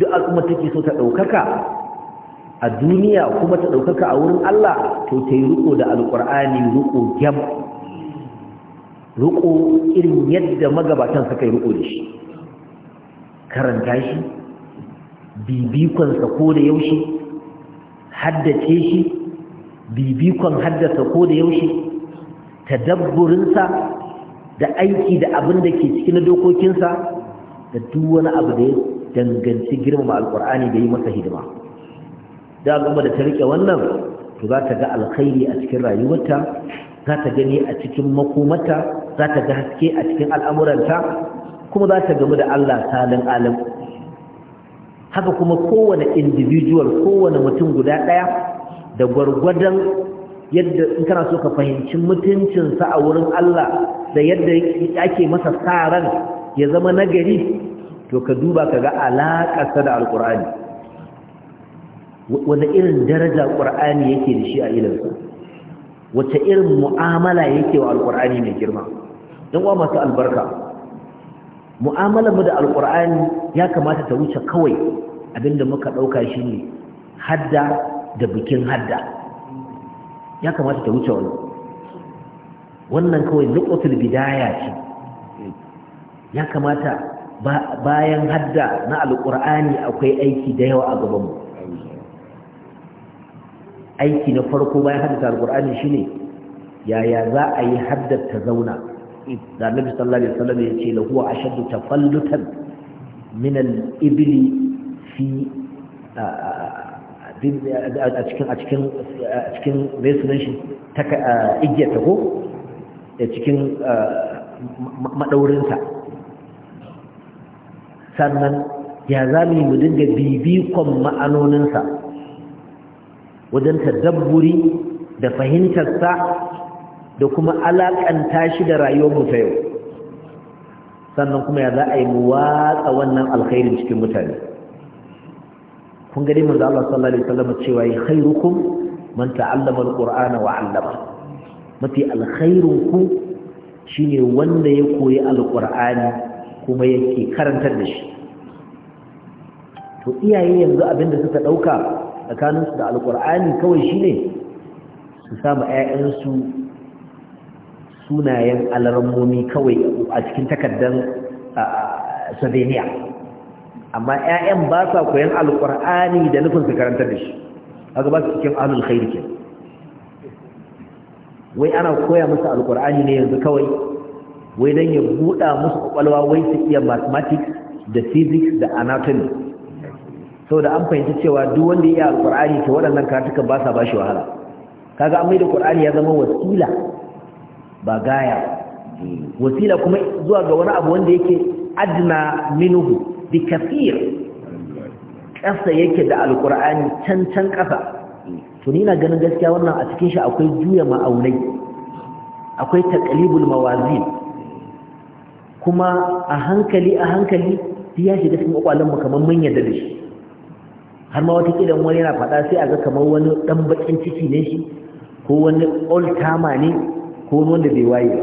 duk al'umma take so ta ɗaukaka? a duniya kuma ta ɗaukaka a wurin Allah to ta yi riko da alƙur'ani riko gyam riko irin yadda magabatan suka yi riko da shi karanta shi bibikonsa ko da yaushe haddace shi bibikon haddasa ko da yaushe tadabburinsa da aiki da abin da ke cikin dokokinsa da duk wani abu da ya danganci girmama alƙur'ani da yi masa hidima da al'umma da ta rike wannan to za ta ga alkhairi a cikin rayuwarta za ta gani a cikin makomata za ta ga haske a cikin al'amuranta kuma za ta gamu da Allah salin alim haka kuma kowane individual kowane mutum guda ɗaya da gwargwadon yadda in kana so ka fahimci mutuncinsa a wurin Allah da yadda ake masa sa ya zama nagari to ka duba ka ga alaƙarsa da alƙur'ani Wani irin daraja qur'ani yake da shi a ilimin wace irin mu'amala yake wa alqur'ani mai girma dan uwa masu albarka mu'amalar mu da alqur'ani ya kamata ta wuce kawai abinda muka dauka ne. hadda da bikin hadda ya kamata ta wuce wannan wannan kawai nuqatul bidaya ce ya kamata bayan hadda na alqur'ani akwai aiki da yawa a gabanmu aiki na farko bayan haddata alqur'ani shine yaya za a yi haddata zauna da annabi sallallahu alaihi wasallam ya ce huwa ashaddu tafallutan min al-ibli fi a cikin a cikin a cikin resolution ta igiyar ta ko da cikin maɗaurinta sannan ya za mu yi mu dinga bibikon ma'anoninsa wajen tadabburi da fahimtarsa da kuma alaƙanta shi da rayuwarmu ta yau sannan kuma ya za a yi mu watsa wannan alkhairin cikin mutane kun gani manzo Allah sallallahu alaihi wasallam cewa yi khairukum man ta'allama alqur'ana wa 'allama mafi alkhairun ku shine wanda ya koyi alqur'ani kuma yake karantar da shi to iyaye yanzu abinda suka dauka tsakaninsu da alƙur'ani kawai shi ne su samu ‘ya'yansu sunayen alarmomi kawai a cikin takardar Sardiniya. amma ‘ya'yan ba sa koyan alƙur'ani da nufin su karantar da shi haka ba su cikin alul khairu wai ana koya musu alƙur'ani ne yanzu kawai wai don ya buɗa musu ƙwaƙwalwa wai su iya mathematics da physics da anatomy saboda an fahimci cewa duk wanda ya yi alkurani to waɗannan karatukan ba sa bashi wahala kaga an maida ƙur'ani ya zama wasila ba gaya wasila kuma zuwa ga wani abu wanda yake adna minhu bi kafir kasa yake da alƙur'ani, can can kasa to ni na ganin gaskiya wannan a cikin shi akwai juya ma'aunai akwai taqlibul mawazin kuma a hankali a hankali ya shiga cikin kwakwalen mu kamar mun yadda da shi har ma wata kidan wani yana faɗa sai a ga kamar wani ɗan bakin ciki ne shi ko wani oltama ne ko wanda bai waye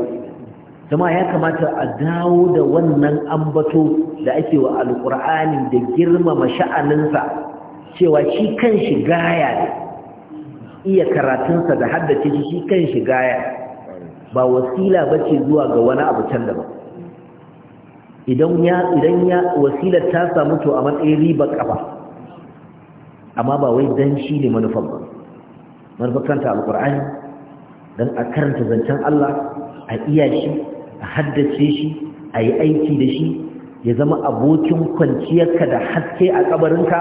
Jama'a ya kamata a dawo da wannan ambato da ake wa alƙur'ani da girmama sha'aninsa cewa shi kan shi gaya ne iya karatunsa da haddace shi shi kan shi gaya ba wasila bace zuwa ga wani abu can ba. idan ya idan ya wasilar ta samu to a matsayin riba kafa amma ba wai dan shi ne manufan ba manufar karanta alkur'ani dan a karanta zancen Allah a iya shi a haddace shi a yi aiki da shi ya zama abokin kwanciyarka da haske a kabarinka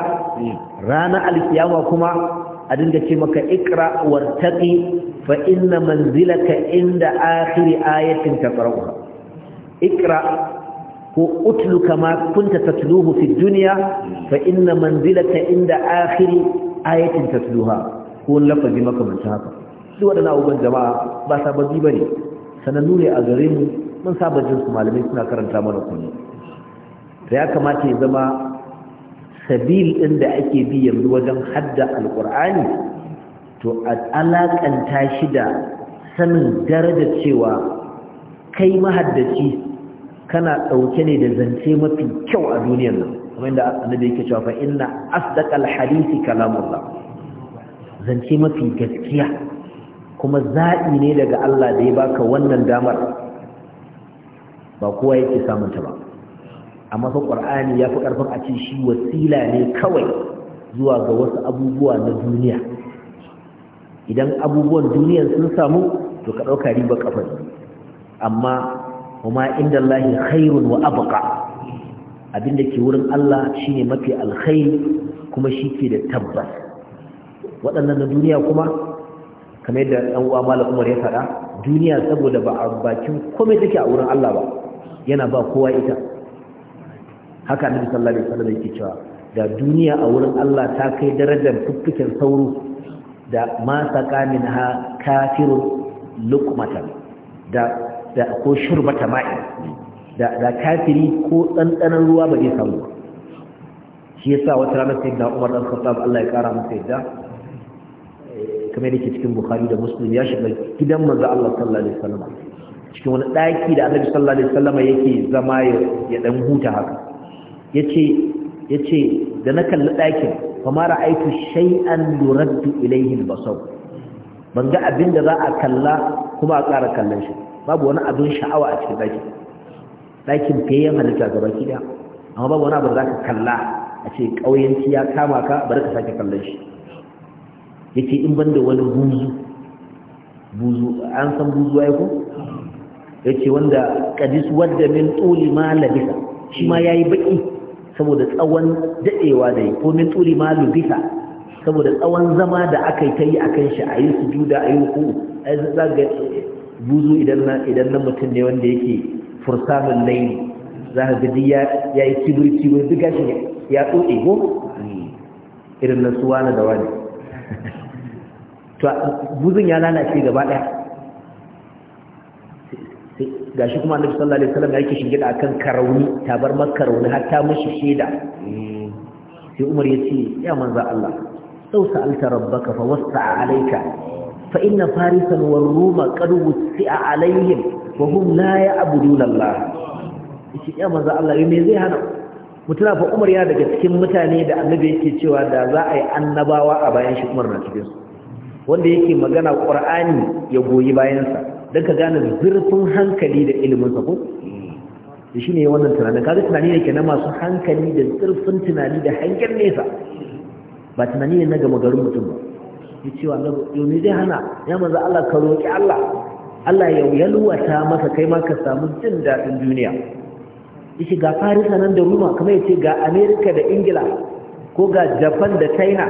ranar alkiyama kuma a dinga ce maka ikra wartaqi fa inna manzilaka inda akhir ayatin taqra'uha ikra ko utlu kama kunta tatluhu fi dunya fa inna manzilaka inda akhiri ayatin tatluha ko lafazi makamancin haka duk waɗannan abubuwan jama'a ba sababbi bane sanannu ne a gare mu mun saba jin su malamai suna karanta mana kullu da ya kamata ya zama sabil din da ake bi yanzu wajen hadda alqur'ani to alakanta shi da sanin darajar cewa kai mahaddaci kana ɗauke ne da zance mafi kyau a duniyar nan kuma inda annabi yake cewa fa inna asdaqal hadisi kalamullah zance mafi gaskiya kuma zaɓi ne daga Allah da ya baka wannan damar ba kowa yake samun ta ba amma fa qur'ani ya fi karfin a ce shi wasila ne kawai zuwa ga wasu abubuwa na duniya idan abubuwan duniyan sun samu to ka ɗauka riba kafa amma kuma inda Allahi khairun wa abqa abinda ke wurin Allah shine mafi alkhairi kuma shi ke da tabbas waɗannan na duniya kuma kamar yadda ɗan'uwa malam Umar ya faɗa duniya saboda ba a bakin komai take a wurin Allah ba yana ba kowa ita haka annabi sallallahu alaihi wasallam yake cewa da duniya a wurin Allah ta kai darajar fuffuken sauro da ma saka kafirun luqmatan da da ko shurbata ma'i da kafiri ko tsantsanan ruwa ba zai samu shi yasa wata ranar sai da Umar dan Khattab Allah ya kara masa yadda eh, kamar yake cikin Bukhari da Muslim ya shiga gidan manzo Allah sallallahu alaihi wasallam cikin wani daki da Annabi sallallahu alaihi wasallam yake zama ya dan huta haka yace yace da na kalli dakin fa ma ra'aytu shay'an yuraddu ilayhi al-basar ban ga abin da za a kalla kuma a ƙara kallon shi babu wani abin sha'awa a cikin ɗakin ɗakin fiye halitta gaba ki ɗaya amma babu wani abin da za ka kalla a ce ƙauyenci ya kama ka bari ka sake kallon shi ce in ban da wani buzu buzu an san buzu ya ko yace wanda kadis wadda min tuli ma labisa shi ma yayi baki saboda tsawon dadewa da ko min tuli ma labisa saboda tsawon zama da aka yi ta yi akan shi ayi sujuda ayi ruku ai zaga buzu idan na idan na mutum ne wanda yake fursamin laini za ka gidi ya yi cibiri cibiri duk gashi ya tsoke ko irin na suwa na dawa ne. to buzun ya lalace gaba daya gashi kuma annabi sallallahu alaihi wasallam yake shingida akan karauni tabar makarauni har ta mushi sheda sai Umar yace ya manzo Allah sausa alta rabbaka fa wasa'a alayka فإن فارسا والروم قد وسع عليهم وهم لا يعبدون الله shi ya manzo Allah me zai hana mutuna fa Umar ya daga cikin mutane da annabi yake cewa da za a yi annabawa a bayan shi Umar na cikin su wanda yake magana Qur'ani ya goyi bayan sa dan ka gane zurfin hankali da ilimin sa ko shi ne wannan tunanin kaga tunani ne kenan masu hankali da zurfin tunani da hangen nesa ba tunani ne na gama garin mutum ba ya ce wa annabi zai hana ya manzo Allah ka roki Allah Allah ya yalwata maka kai ma ka samu jin daɗin duniya yace ga Farisa nan da Roma kamar yace ga America da Ingila ko ga Japan da China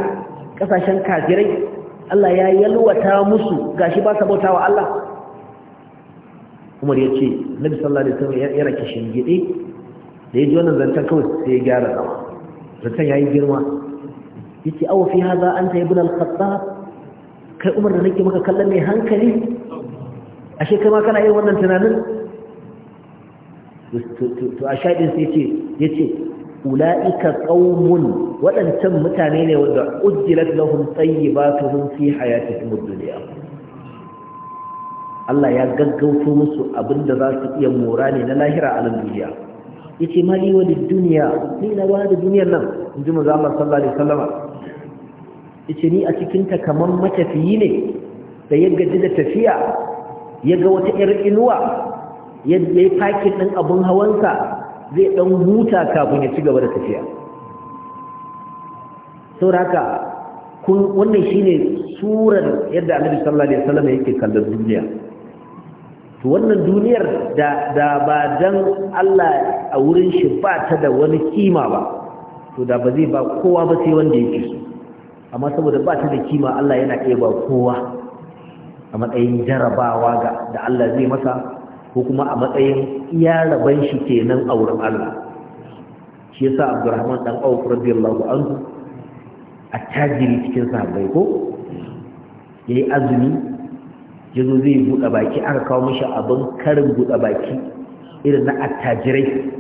kasashen kafirai Allah ya yalwata musu gashi ba sa bautawa Allah Umar yace Nabi sallallahu alaihi wasallam ya rake shingide da yaji wannan zantan kawai sai ya gyara zama zantan yayi girma yace aw fi hadha anta ibn al-khattab kai umar da nake maka kallon mai hankali ashe kai ma kana yin wannan tunanin to a shaɗin sai ce ya ce ula'ika ƙaumun waɗancan mutane ne wanda ba su tayyibatuhum fi ta ad duniya. Allah ya gaggauto musu abinda za su iya mora ne na lahira a nan duniya yace mali wa duniya ni na ba da duniyar nan inji manzo Allah sallallahu alaihi wasallama yace ni a cikin ta kaman matafiyi ne da ya gaji da tafiya ya ga wata yar inuwa ya yi fakin din abun hawansa zai ɗan huta kafin ya ci gaba da tafiya sauraka kun wannan shine surar yadda Annabi sallallahu alaihi wasallam yake kallon duniya to wannan duniyar da da ba dan Allah a wurin shi ba ta da wani kima ba to da ba zai ba kowa ba sai wanda yake so amma saboda ba ta da kima Allah yana ɗeba kowa a matsayin jarabawa ga da Allah zai masa ko kuma a matsayin iya raban shi kenan a wurin Allah shi yasa Abdurrahman dan Auf radiyallahu anhu tajiri cikin sahabbai ko yayi azumi ya zo zai buɗe baki aka kawo mashi abin karin buɗe baki irin na attajirai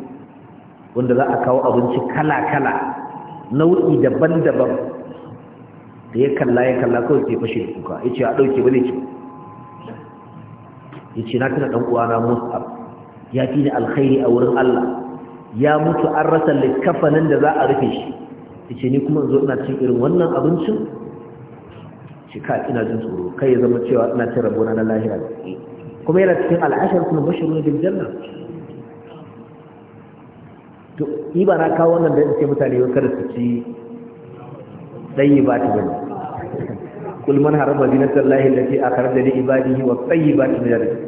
wanda za a kawo abinci kala-kala nau'i daban-daban da ya kalla ya kalla kawai sai fashe da kuka ya ce a ɗauke ba ne ce ya ce na tana ɗan'uwa na musab ya fi ni alkhairi a wurin allah ya mutu an rasa likafanin da za a rufe shi ya ce ni kuma zo ina cin irin wannan abincin ce ka ina jin tsoro kai ya zama cewa ina cin rabona na lahira kuma yana cikin al'ashar kuma bashiru ne bil janna to ni ba na kawo wannan da ce mutane yau kada su ci ɗanyi ba ta bane kul man harama zinatan lahi allati akhraja li ibadihi wa tayyibati min rizq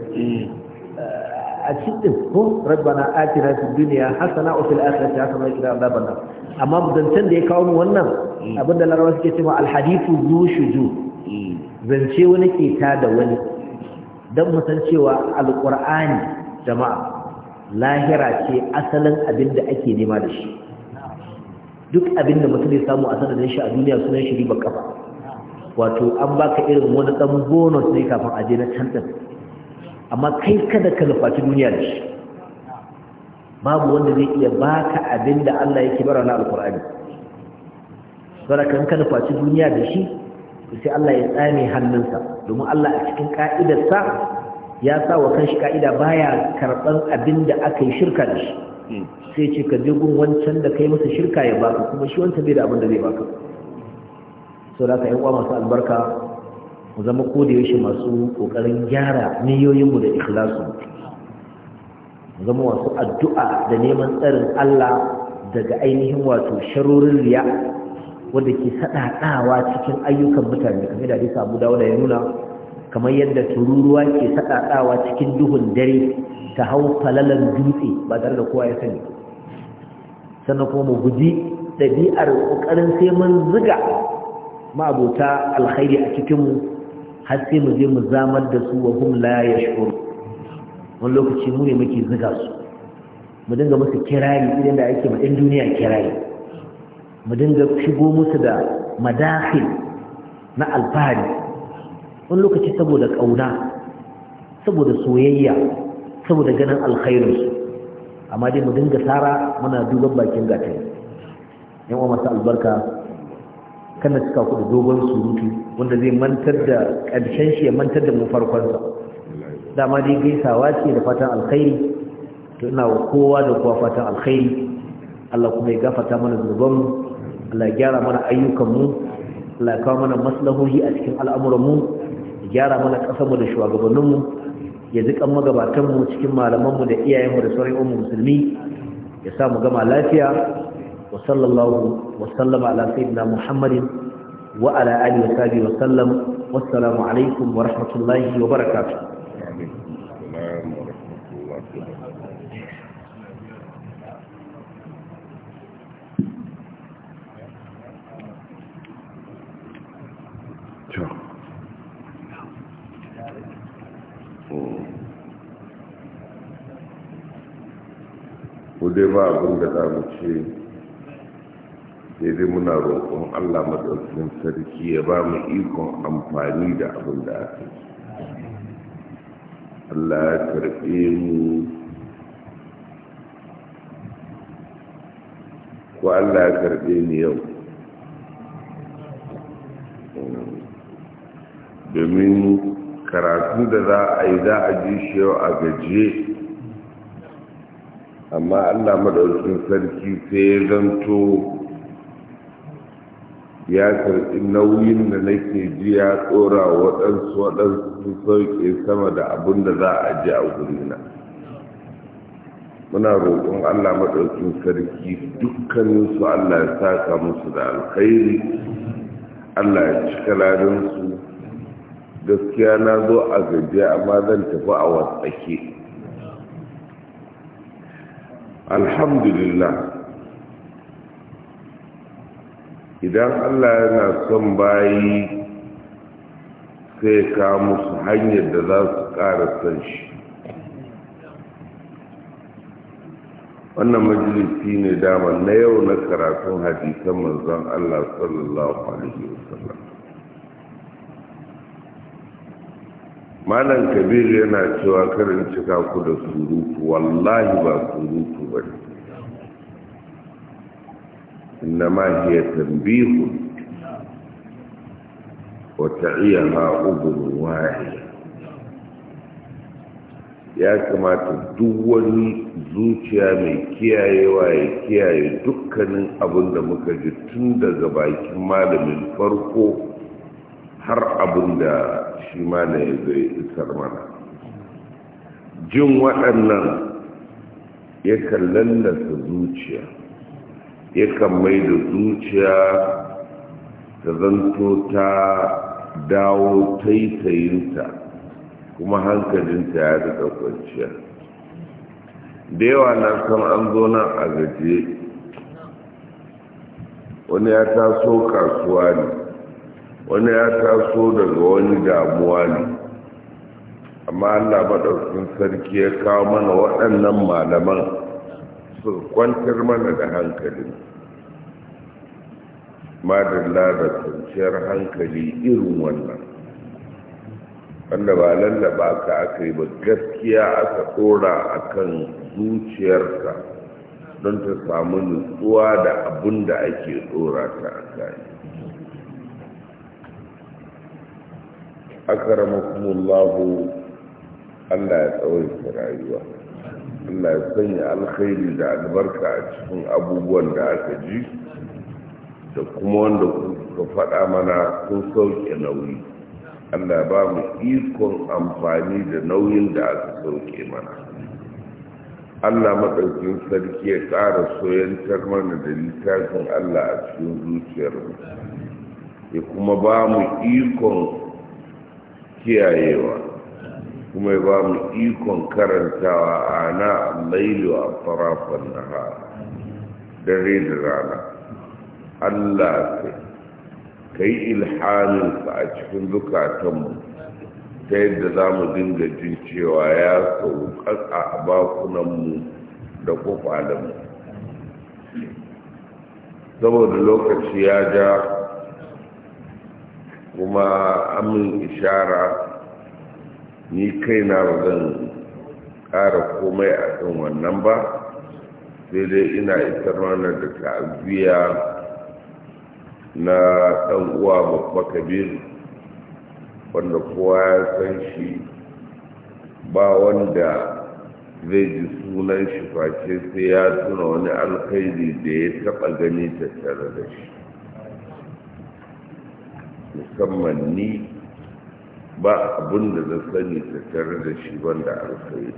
a cikin ko rabbana atina fid dunya hasana wa fil akhirati hasana wa qina adhaban nar amma zancen da ya kawo mu wannan abinda larabawa suke cewa al hadithu zu shuju zance wani ke ta da wani dan mu san cewa alqur'ani jama'a lahira ce asalin abin da ake nema da shi duk abin da mutum ya samu a sanadin shi a duniya sunan shi riba kafa wato an baka irin wani dan bonus ne kafin aje na can din amma kai kada ka nufaci duniya da shi babu wanda zai iya baka abin da Allah yake bara na alkur'ani saboda kan ka nufaci duniya da shi sai Allah ya tsame hannunsa domin Allah a cikin ka'idarsa ya sa wa shi ka'ida baya karban abin da aka yi shirka da shi hmm. sai ce ka je gun wancan da kai masa shirka ya baka kuma shi wancan bai da abin da zai baka sau da aka uwa masu albarka mu zama yaushe masu ƙoƙarin gyara niyoyinmu da ikhlasu mu zama wasu addu'a da neman tsarin Allah daga ainihin wato sharorin riya wadda ke saɗaɗawa cikin ayyukan mutane kamar da hadisa abu da ya nuna kamar yadda tururuwa ke saɗaɗawa cikin duhun dare ta hau falalan dutse ba tare da kowa ya sani sannan kuma mu guji ɗabi'ar ƙoƙarin sai mun ziga ma'abota alkhairi a cikinmu har sai mu je mu zamar da su wa hum la yashkuru wani lokaci mu ne muke zuga su mu dinga musu kirari idan da ake ma ɗan duniya kirari mu dinga shigo musu da madahil na alfahari wani lokaci saboda ƙauna saboda soyayya saboda ganin alkhairinsu amma dai mu dinga tsara muna duban bakin gata yan uwa masu albarka kana cika ku da dogon surutu wanda zai mantar da ƙarshen shi ya mantar da mu farkonsa dama dai gaisawa ce da fatan alkhairi to ina wa kowa da kowa fatan alkhairi Allah kuma ya gafarta mana mu. Allah ya gyara mana ayyukanmu Allah ya kawo mana maslahohi a cikin al'amuranmu ya gyara mana ƙasarmu da shugabanninmu ya magabatan mu cikin malamanmu da iyayenmu da sauran ummu musulmi ya sa mu gama lafiya وصلى الله وسلم على سيدنا محمد وعلى آله وصحبه وسلم والسلام عليكم ورحمة الله وبركاته ko dai ba abin da sai dai muna roƙon allah maɗaukakin sarki ya ba mu ikon amfani da abin da aka yi allah ya karɓe mu ko allah ya karɓe ni yau domin karatu da za a yi za a ji shi yau a gajiye amma allah maɗaukakin sarki sai ya zanto ya karɓi nauyin da nake ji ya tsora waɗansu waɗansu sauƙi sama da abin da za a ji a gurina muna roƙon allah maɗaukin sarki dukkaninsu allah ya saka musu da alkhairi allah ya cika larinsu gaskiya na zo a gajiya amma zan tafi a wasake alhamdulillah idan allah yana son bayi sai ka musu hanyar da za su ƙara san shi wannan majalisi ne dama na yau na karatun hadisan manzon allah sallallahu alaihi wasallam malam kabir yana cewa karin cika ku da surutu wallahi ba surutu ba ne إنما هي تنبيه وتعيها أذن واعية ya kamata duk wani zuciya mai kiyayewa ya kiyaye dukkanin abin da muka ji tun daga bakin malamin farko har abin da shi mana zai isar mana jin waɗannan ya kallon zuciya yakan mai da zuciya ta zanto ta dawo taitayinta kuma hankalinta ya da kwanciya da yawa na san an zo nan a gaje wani ya taso kasuwa ne wani ya taso daga wani damuwa ne amma allah maɗaukin sarki ya kawo mana waɗannan malaman su kwantar mana da hankali madalla da kwanciyar hankali irin wannan wanda ba lallaba ka aka yi ba gaskiya aka tsora a kan zuciyarsa don ta samu nutsuwa da abin da ake tsora ta a akaramakumullahu allah ya tsawaita rayuwa Allah ya sanya alkhairi da albarka a cikin abubuwan da aka ji da kuma wanda kuka faɗa mana kun sauke nauyi Allah ba mu ikon amfani da nauyin da aka sauke mana Allah maɗaukin sarki ya ƙara soyantar mana da littafin Allah a cikin zuciyarmu ya kuma ba mu ikon kiyayewa kuma ya ba mu ikon karantawa a na lailu a farafan nahar dare da rana Allah ka yi ilhaminsa a cikin zukatanmu ta yadda za mu dinga jin cewa ya sauƙaƙa a bakunanmu da da mu.' saboda lokaci ya ja kuma amin ishara ni kaina ba zan ƙara komai a kan wannan ba sai dai ina isar ranar da ta'aziyya na ɗan uwa babba kabir wanda kowa ya san shi ba wanda zai ji sunan shi face sai ya tuna wani alkhairi da ya taɓa gani tattare da shi musamman ni ba abun da zan sani tattare da shi banda alkhairi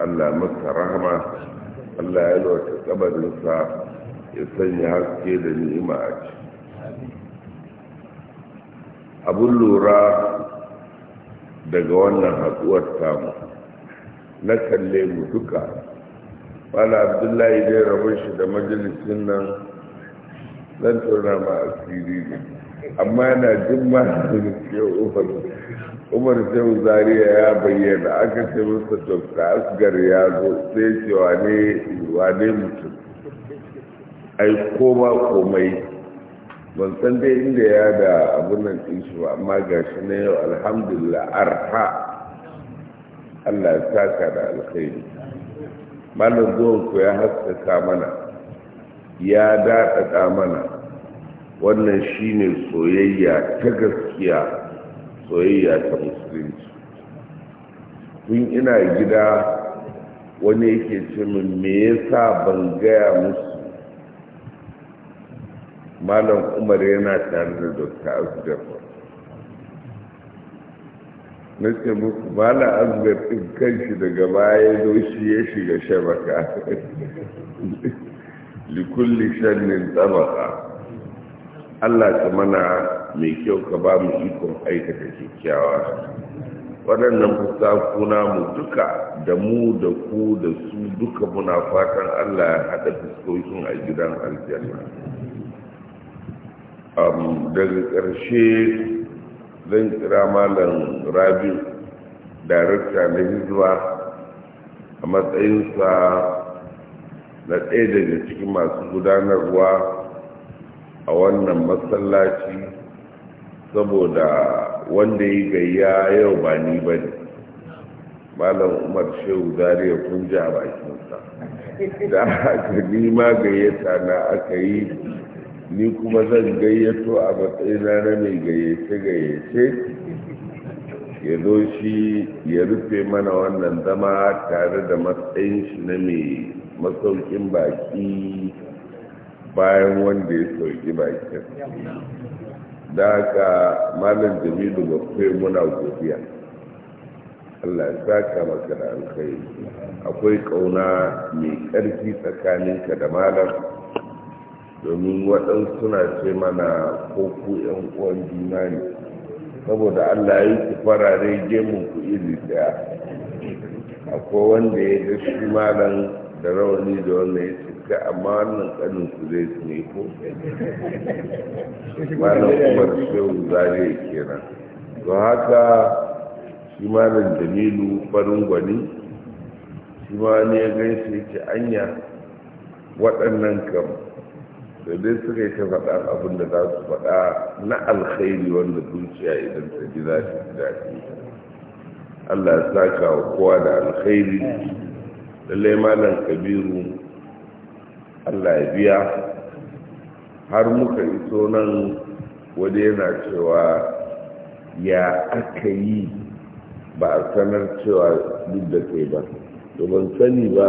Allah masa rahama Allah ya lota kabarinsa ya sanya haske da ni'ima a ci lura daga wannan haɗuwar samu na kalle mu duka Wani abdullahi zai rabu shi da majalisun nan zan tona ma asiri ne amma yana jin malamin ciwon umar umar sai zariya ya bayyana aka ce masa dokta asgar ya zo sai ce wane wane mutum ai koma komai ban san dai inda ya da abunan nan ba amma gashi na yau alhamdulillah arha Allah ta saka da alkhairi malam zuwan ku ya haskaka mana ya daɗaɗa mana wannan shine soyayya ta gaskiya soyayya ta musulunci tun ina gida wani yake ce min me yasa ban gaya musu malam umar yana tare da dr asgar na ce muku malam asgar ɗin kanshi daga baya zo shi ya shiga shabaka likulli shannin tsabaka Allah ka mana mai kyau ka ba mu ikon aikata kyakkyawa waɗannan fuskakuna mu duka da mu da ku da su duka muna fatan Allah ya haɗa fuskokin a gidan aljanna daga ƙarshe zan kira malam rabi darakta na hizuwa a matsayinsa na ɗaya daga cikin masu gudanarwa a wannan masallaci saboda wanda yi gayya yau ba ni ba ne malam umar shehu zariya ya kunji a bakinsa da aka nima gayyata na aka yi ni kuma zan gayyato a matsayina na mai gayyace-gayyace ya zo shi ya rufe mana wannan zama tare da matsayin shi na mai masaukin baki bayan wanda ya sauki bakin da ka malam jamilu ga kai muna godiya allah ya saka maka da alkhairi akwai kauna mai ƙarfi tsakaninka da malam domin waɗansu suna ce mana ko ku yan uwan juna ne saboda allah ya ku farare gemun ku iri daya akwai wanda ya ga shi malam da rawani da wannan ya ce ga amma wannan kanin ku zai su ne ko malam umar shehu zare nan to haka shi malam jamilu farin gwani shi ma ne ya gaishe yake anya waɗannan kam da dai suka yi ta faɗa abin da za su faɗa na alkhairi wanda zuciya idan ta ji za ta ji daɗi Allah ya saka wa kowa da alkhairi lallai malam kabiru allah ya biya har muka iso nan wadda yana cewa ya aka yi ba a sanar cewa duk da kai ba to ban sani ba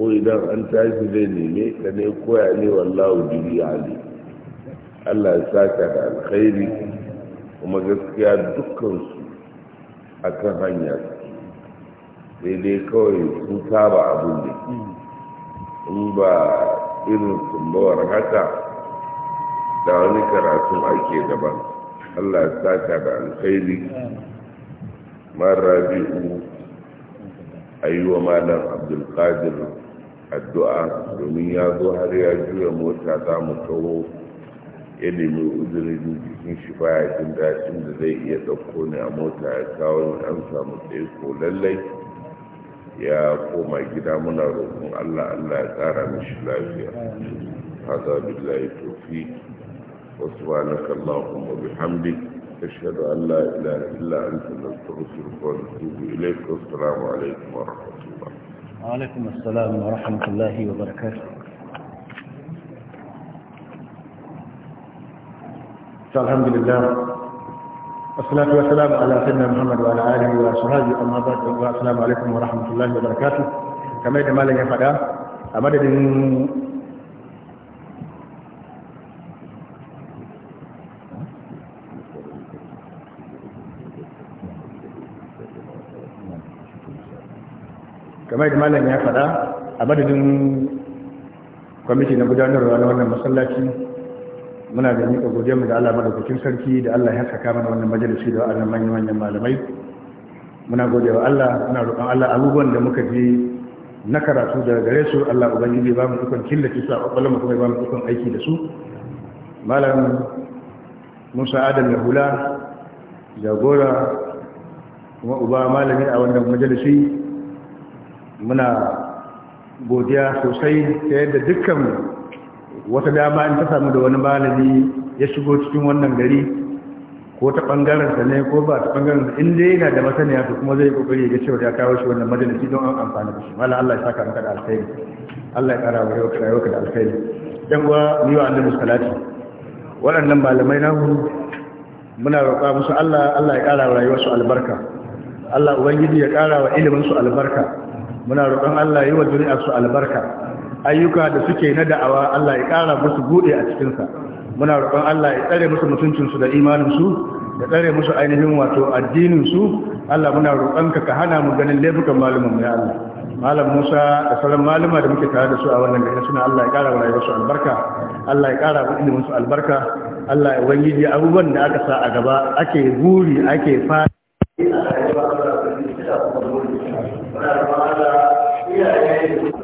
ko idan an tashi zai neme ka ne koya ne wallahu jiri ali allah ya saka da alkhairi kuma gaskiya dukkansu akan hanya sai dai kawai sun saba abin da in ba irin kumbawar haka da wani karatun ake daban allah ya saka da alkhairi marabi'u a yi wa malam abdulkadir addu'a domin ya zo har ya juya mota za mu taho ya nemi jikin shi baya jin daɗin da zai iya ɗauko ne a mota ya kawo an samu tsaye ko lallai ya koma gida muna roƙon Allah Allah ya ƙara mishi lafiya hada billahi tawfiq wa subhanaka allahumma bihamdik ashhadu an la ilaha illa anta astaghfiruka wa atubu ilayk assalamu alaikum wa rahmatullah wa alaikum assalam wa rahmatullahi wa barakatuh الحمد لله wasu wasalamu ala sayyidina muhammad wa alihi wa sahbihi amma ba da wa assalamu alaikum wa rahmatullahi wa barakatuh kamar da malam ya fada a madadin kamar da malam ya fada a madadin kwamiti na gudanarwa na wannan masallaci muna da miƙa godiya mu da Allah madaukakin sarki da Allah ya saka mana wannan majalisi da wannan manyan manyan malamai muna godiya wa Allah muna roƙon Allah abubuwan da muka ji na karatu daga gare su Allah ubangiji ba mu dukan killace su a kwakwalwar mu kuma ba mu dukan aiki da su malam Musa Adam ya hula jagora kuma uba malami a wannan majalisi muna godiya sosai ta yadda dukkan wata dama in ta samu da wani malami ya shigo cikin wannan gari ko ta sa ne ko ba ta bangaren in dai yana da masaniya to kuma zai kokari ya cewa ya kawo shi wannan majalisi don an amfani da shi mala Allah ya saka maka da alkhairi Allah ya kara wa rayuwarka da alkhairi dan uwa ni yi wa annabi salati waɗannan malamai namu muna roƙa musu Allah Allah ya kara wa su albarka Allah ubangiji ya kara wa ilimin su albarka muna roƙon Allah ya yi wa zuri'ar su albarka ayyuka da suke na da'awa Allah ya ƙara musu buɗe a cikinsa muna roƙon Allah ya tsare musu mutuncinsu da imaninsu da tsare musu ainihin wato addininsu Allah muna roƙonka ka hana mu ganin laifukan malumin ya Allah malam Musa da sauran maluma da muke tare da su a wannan gari suna Allah ya ƙara wa su albarka Allah ya ƙara wa ilimin su albarka Allah ya wangiji abubuwan da aka sa a gaba ake buri ake fata Allah ya ba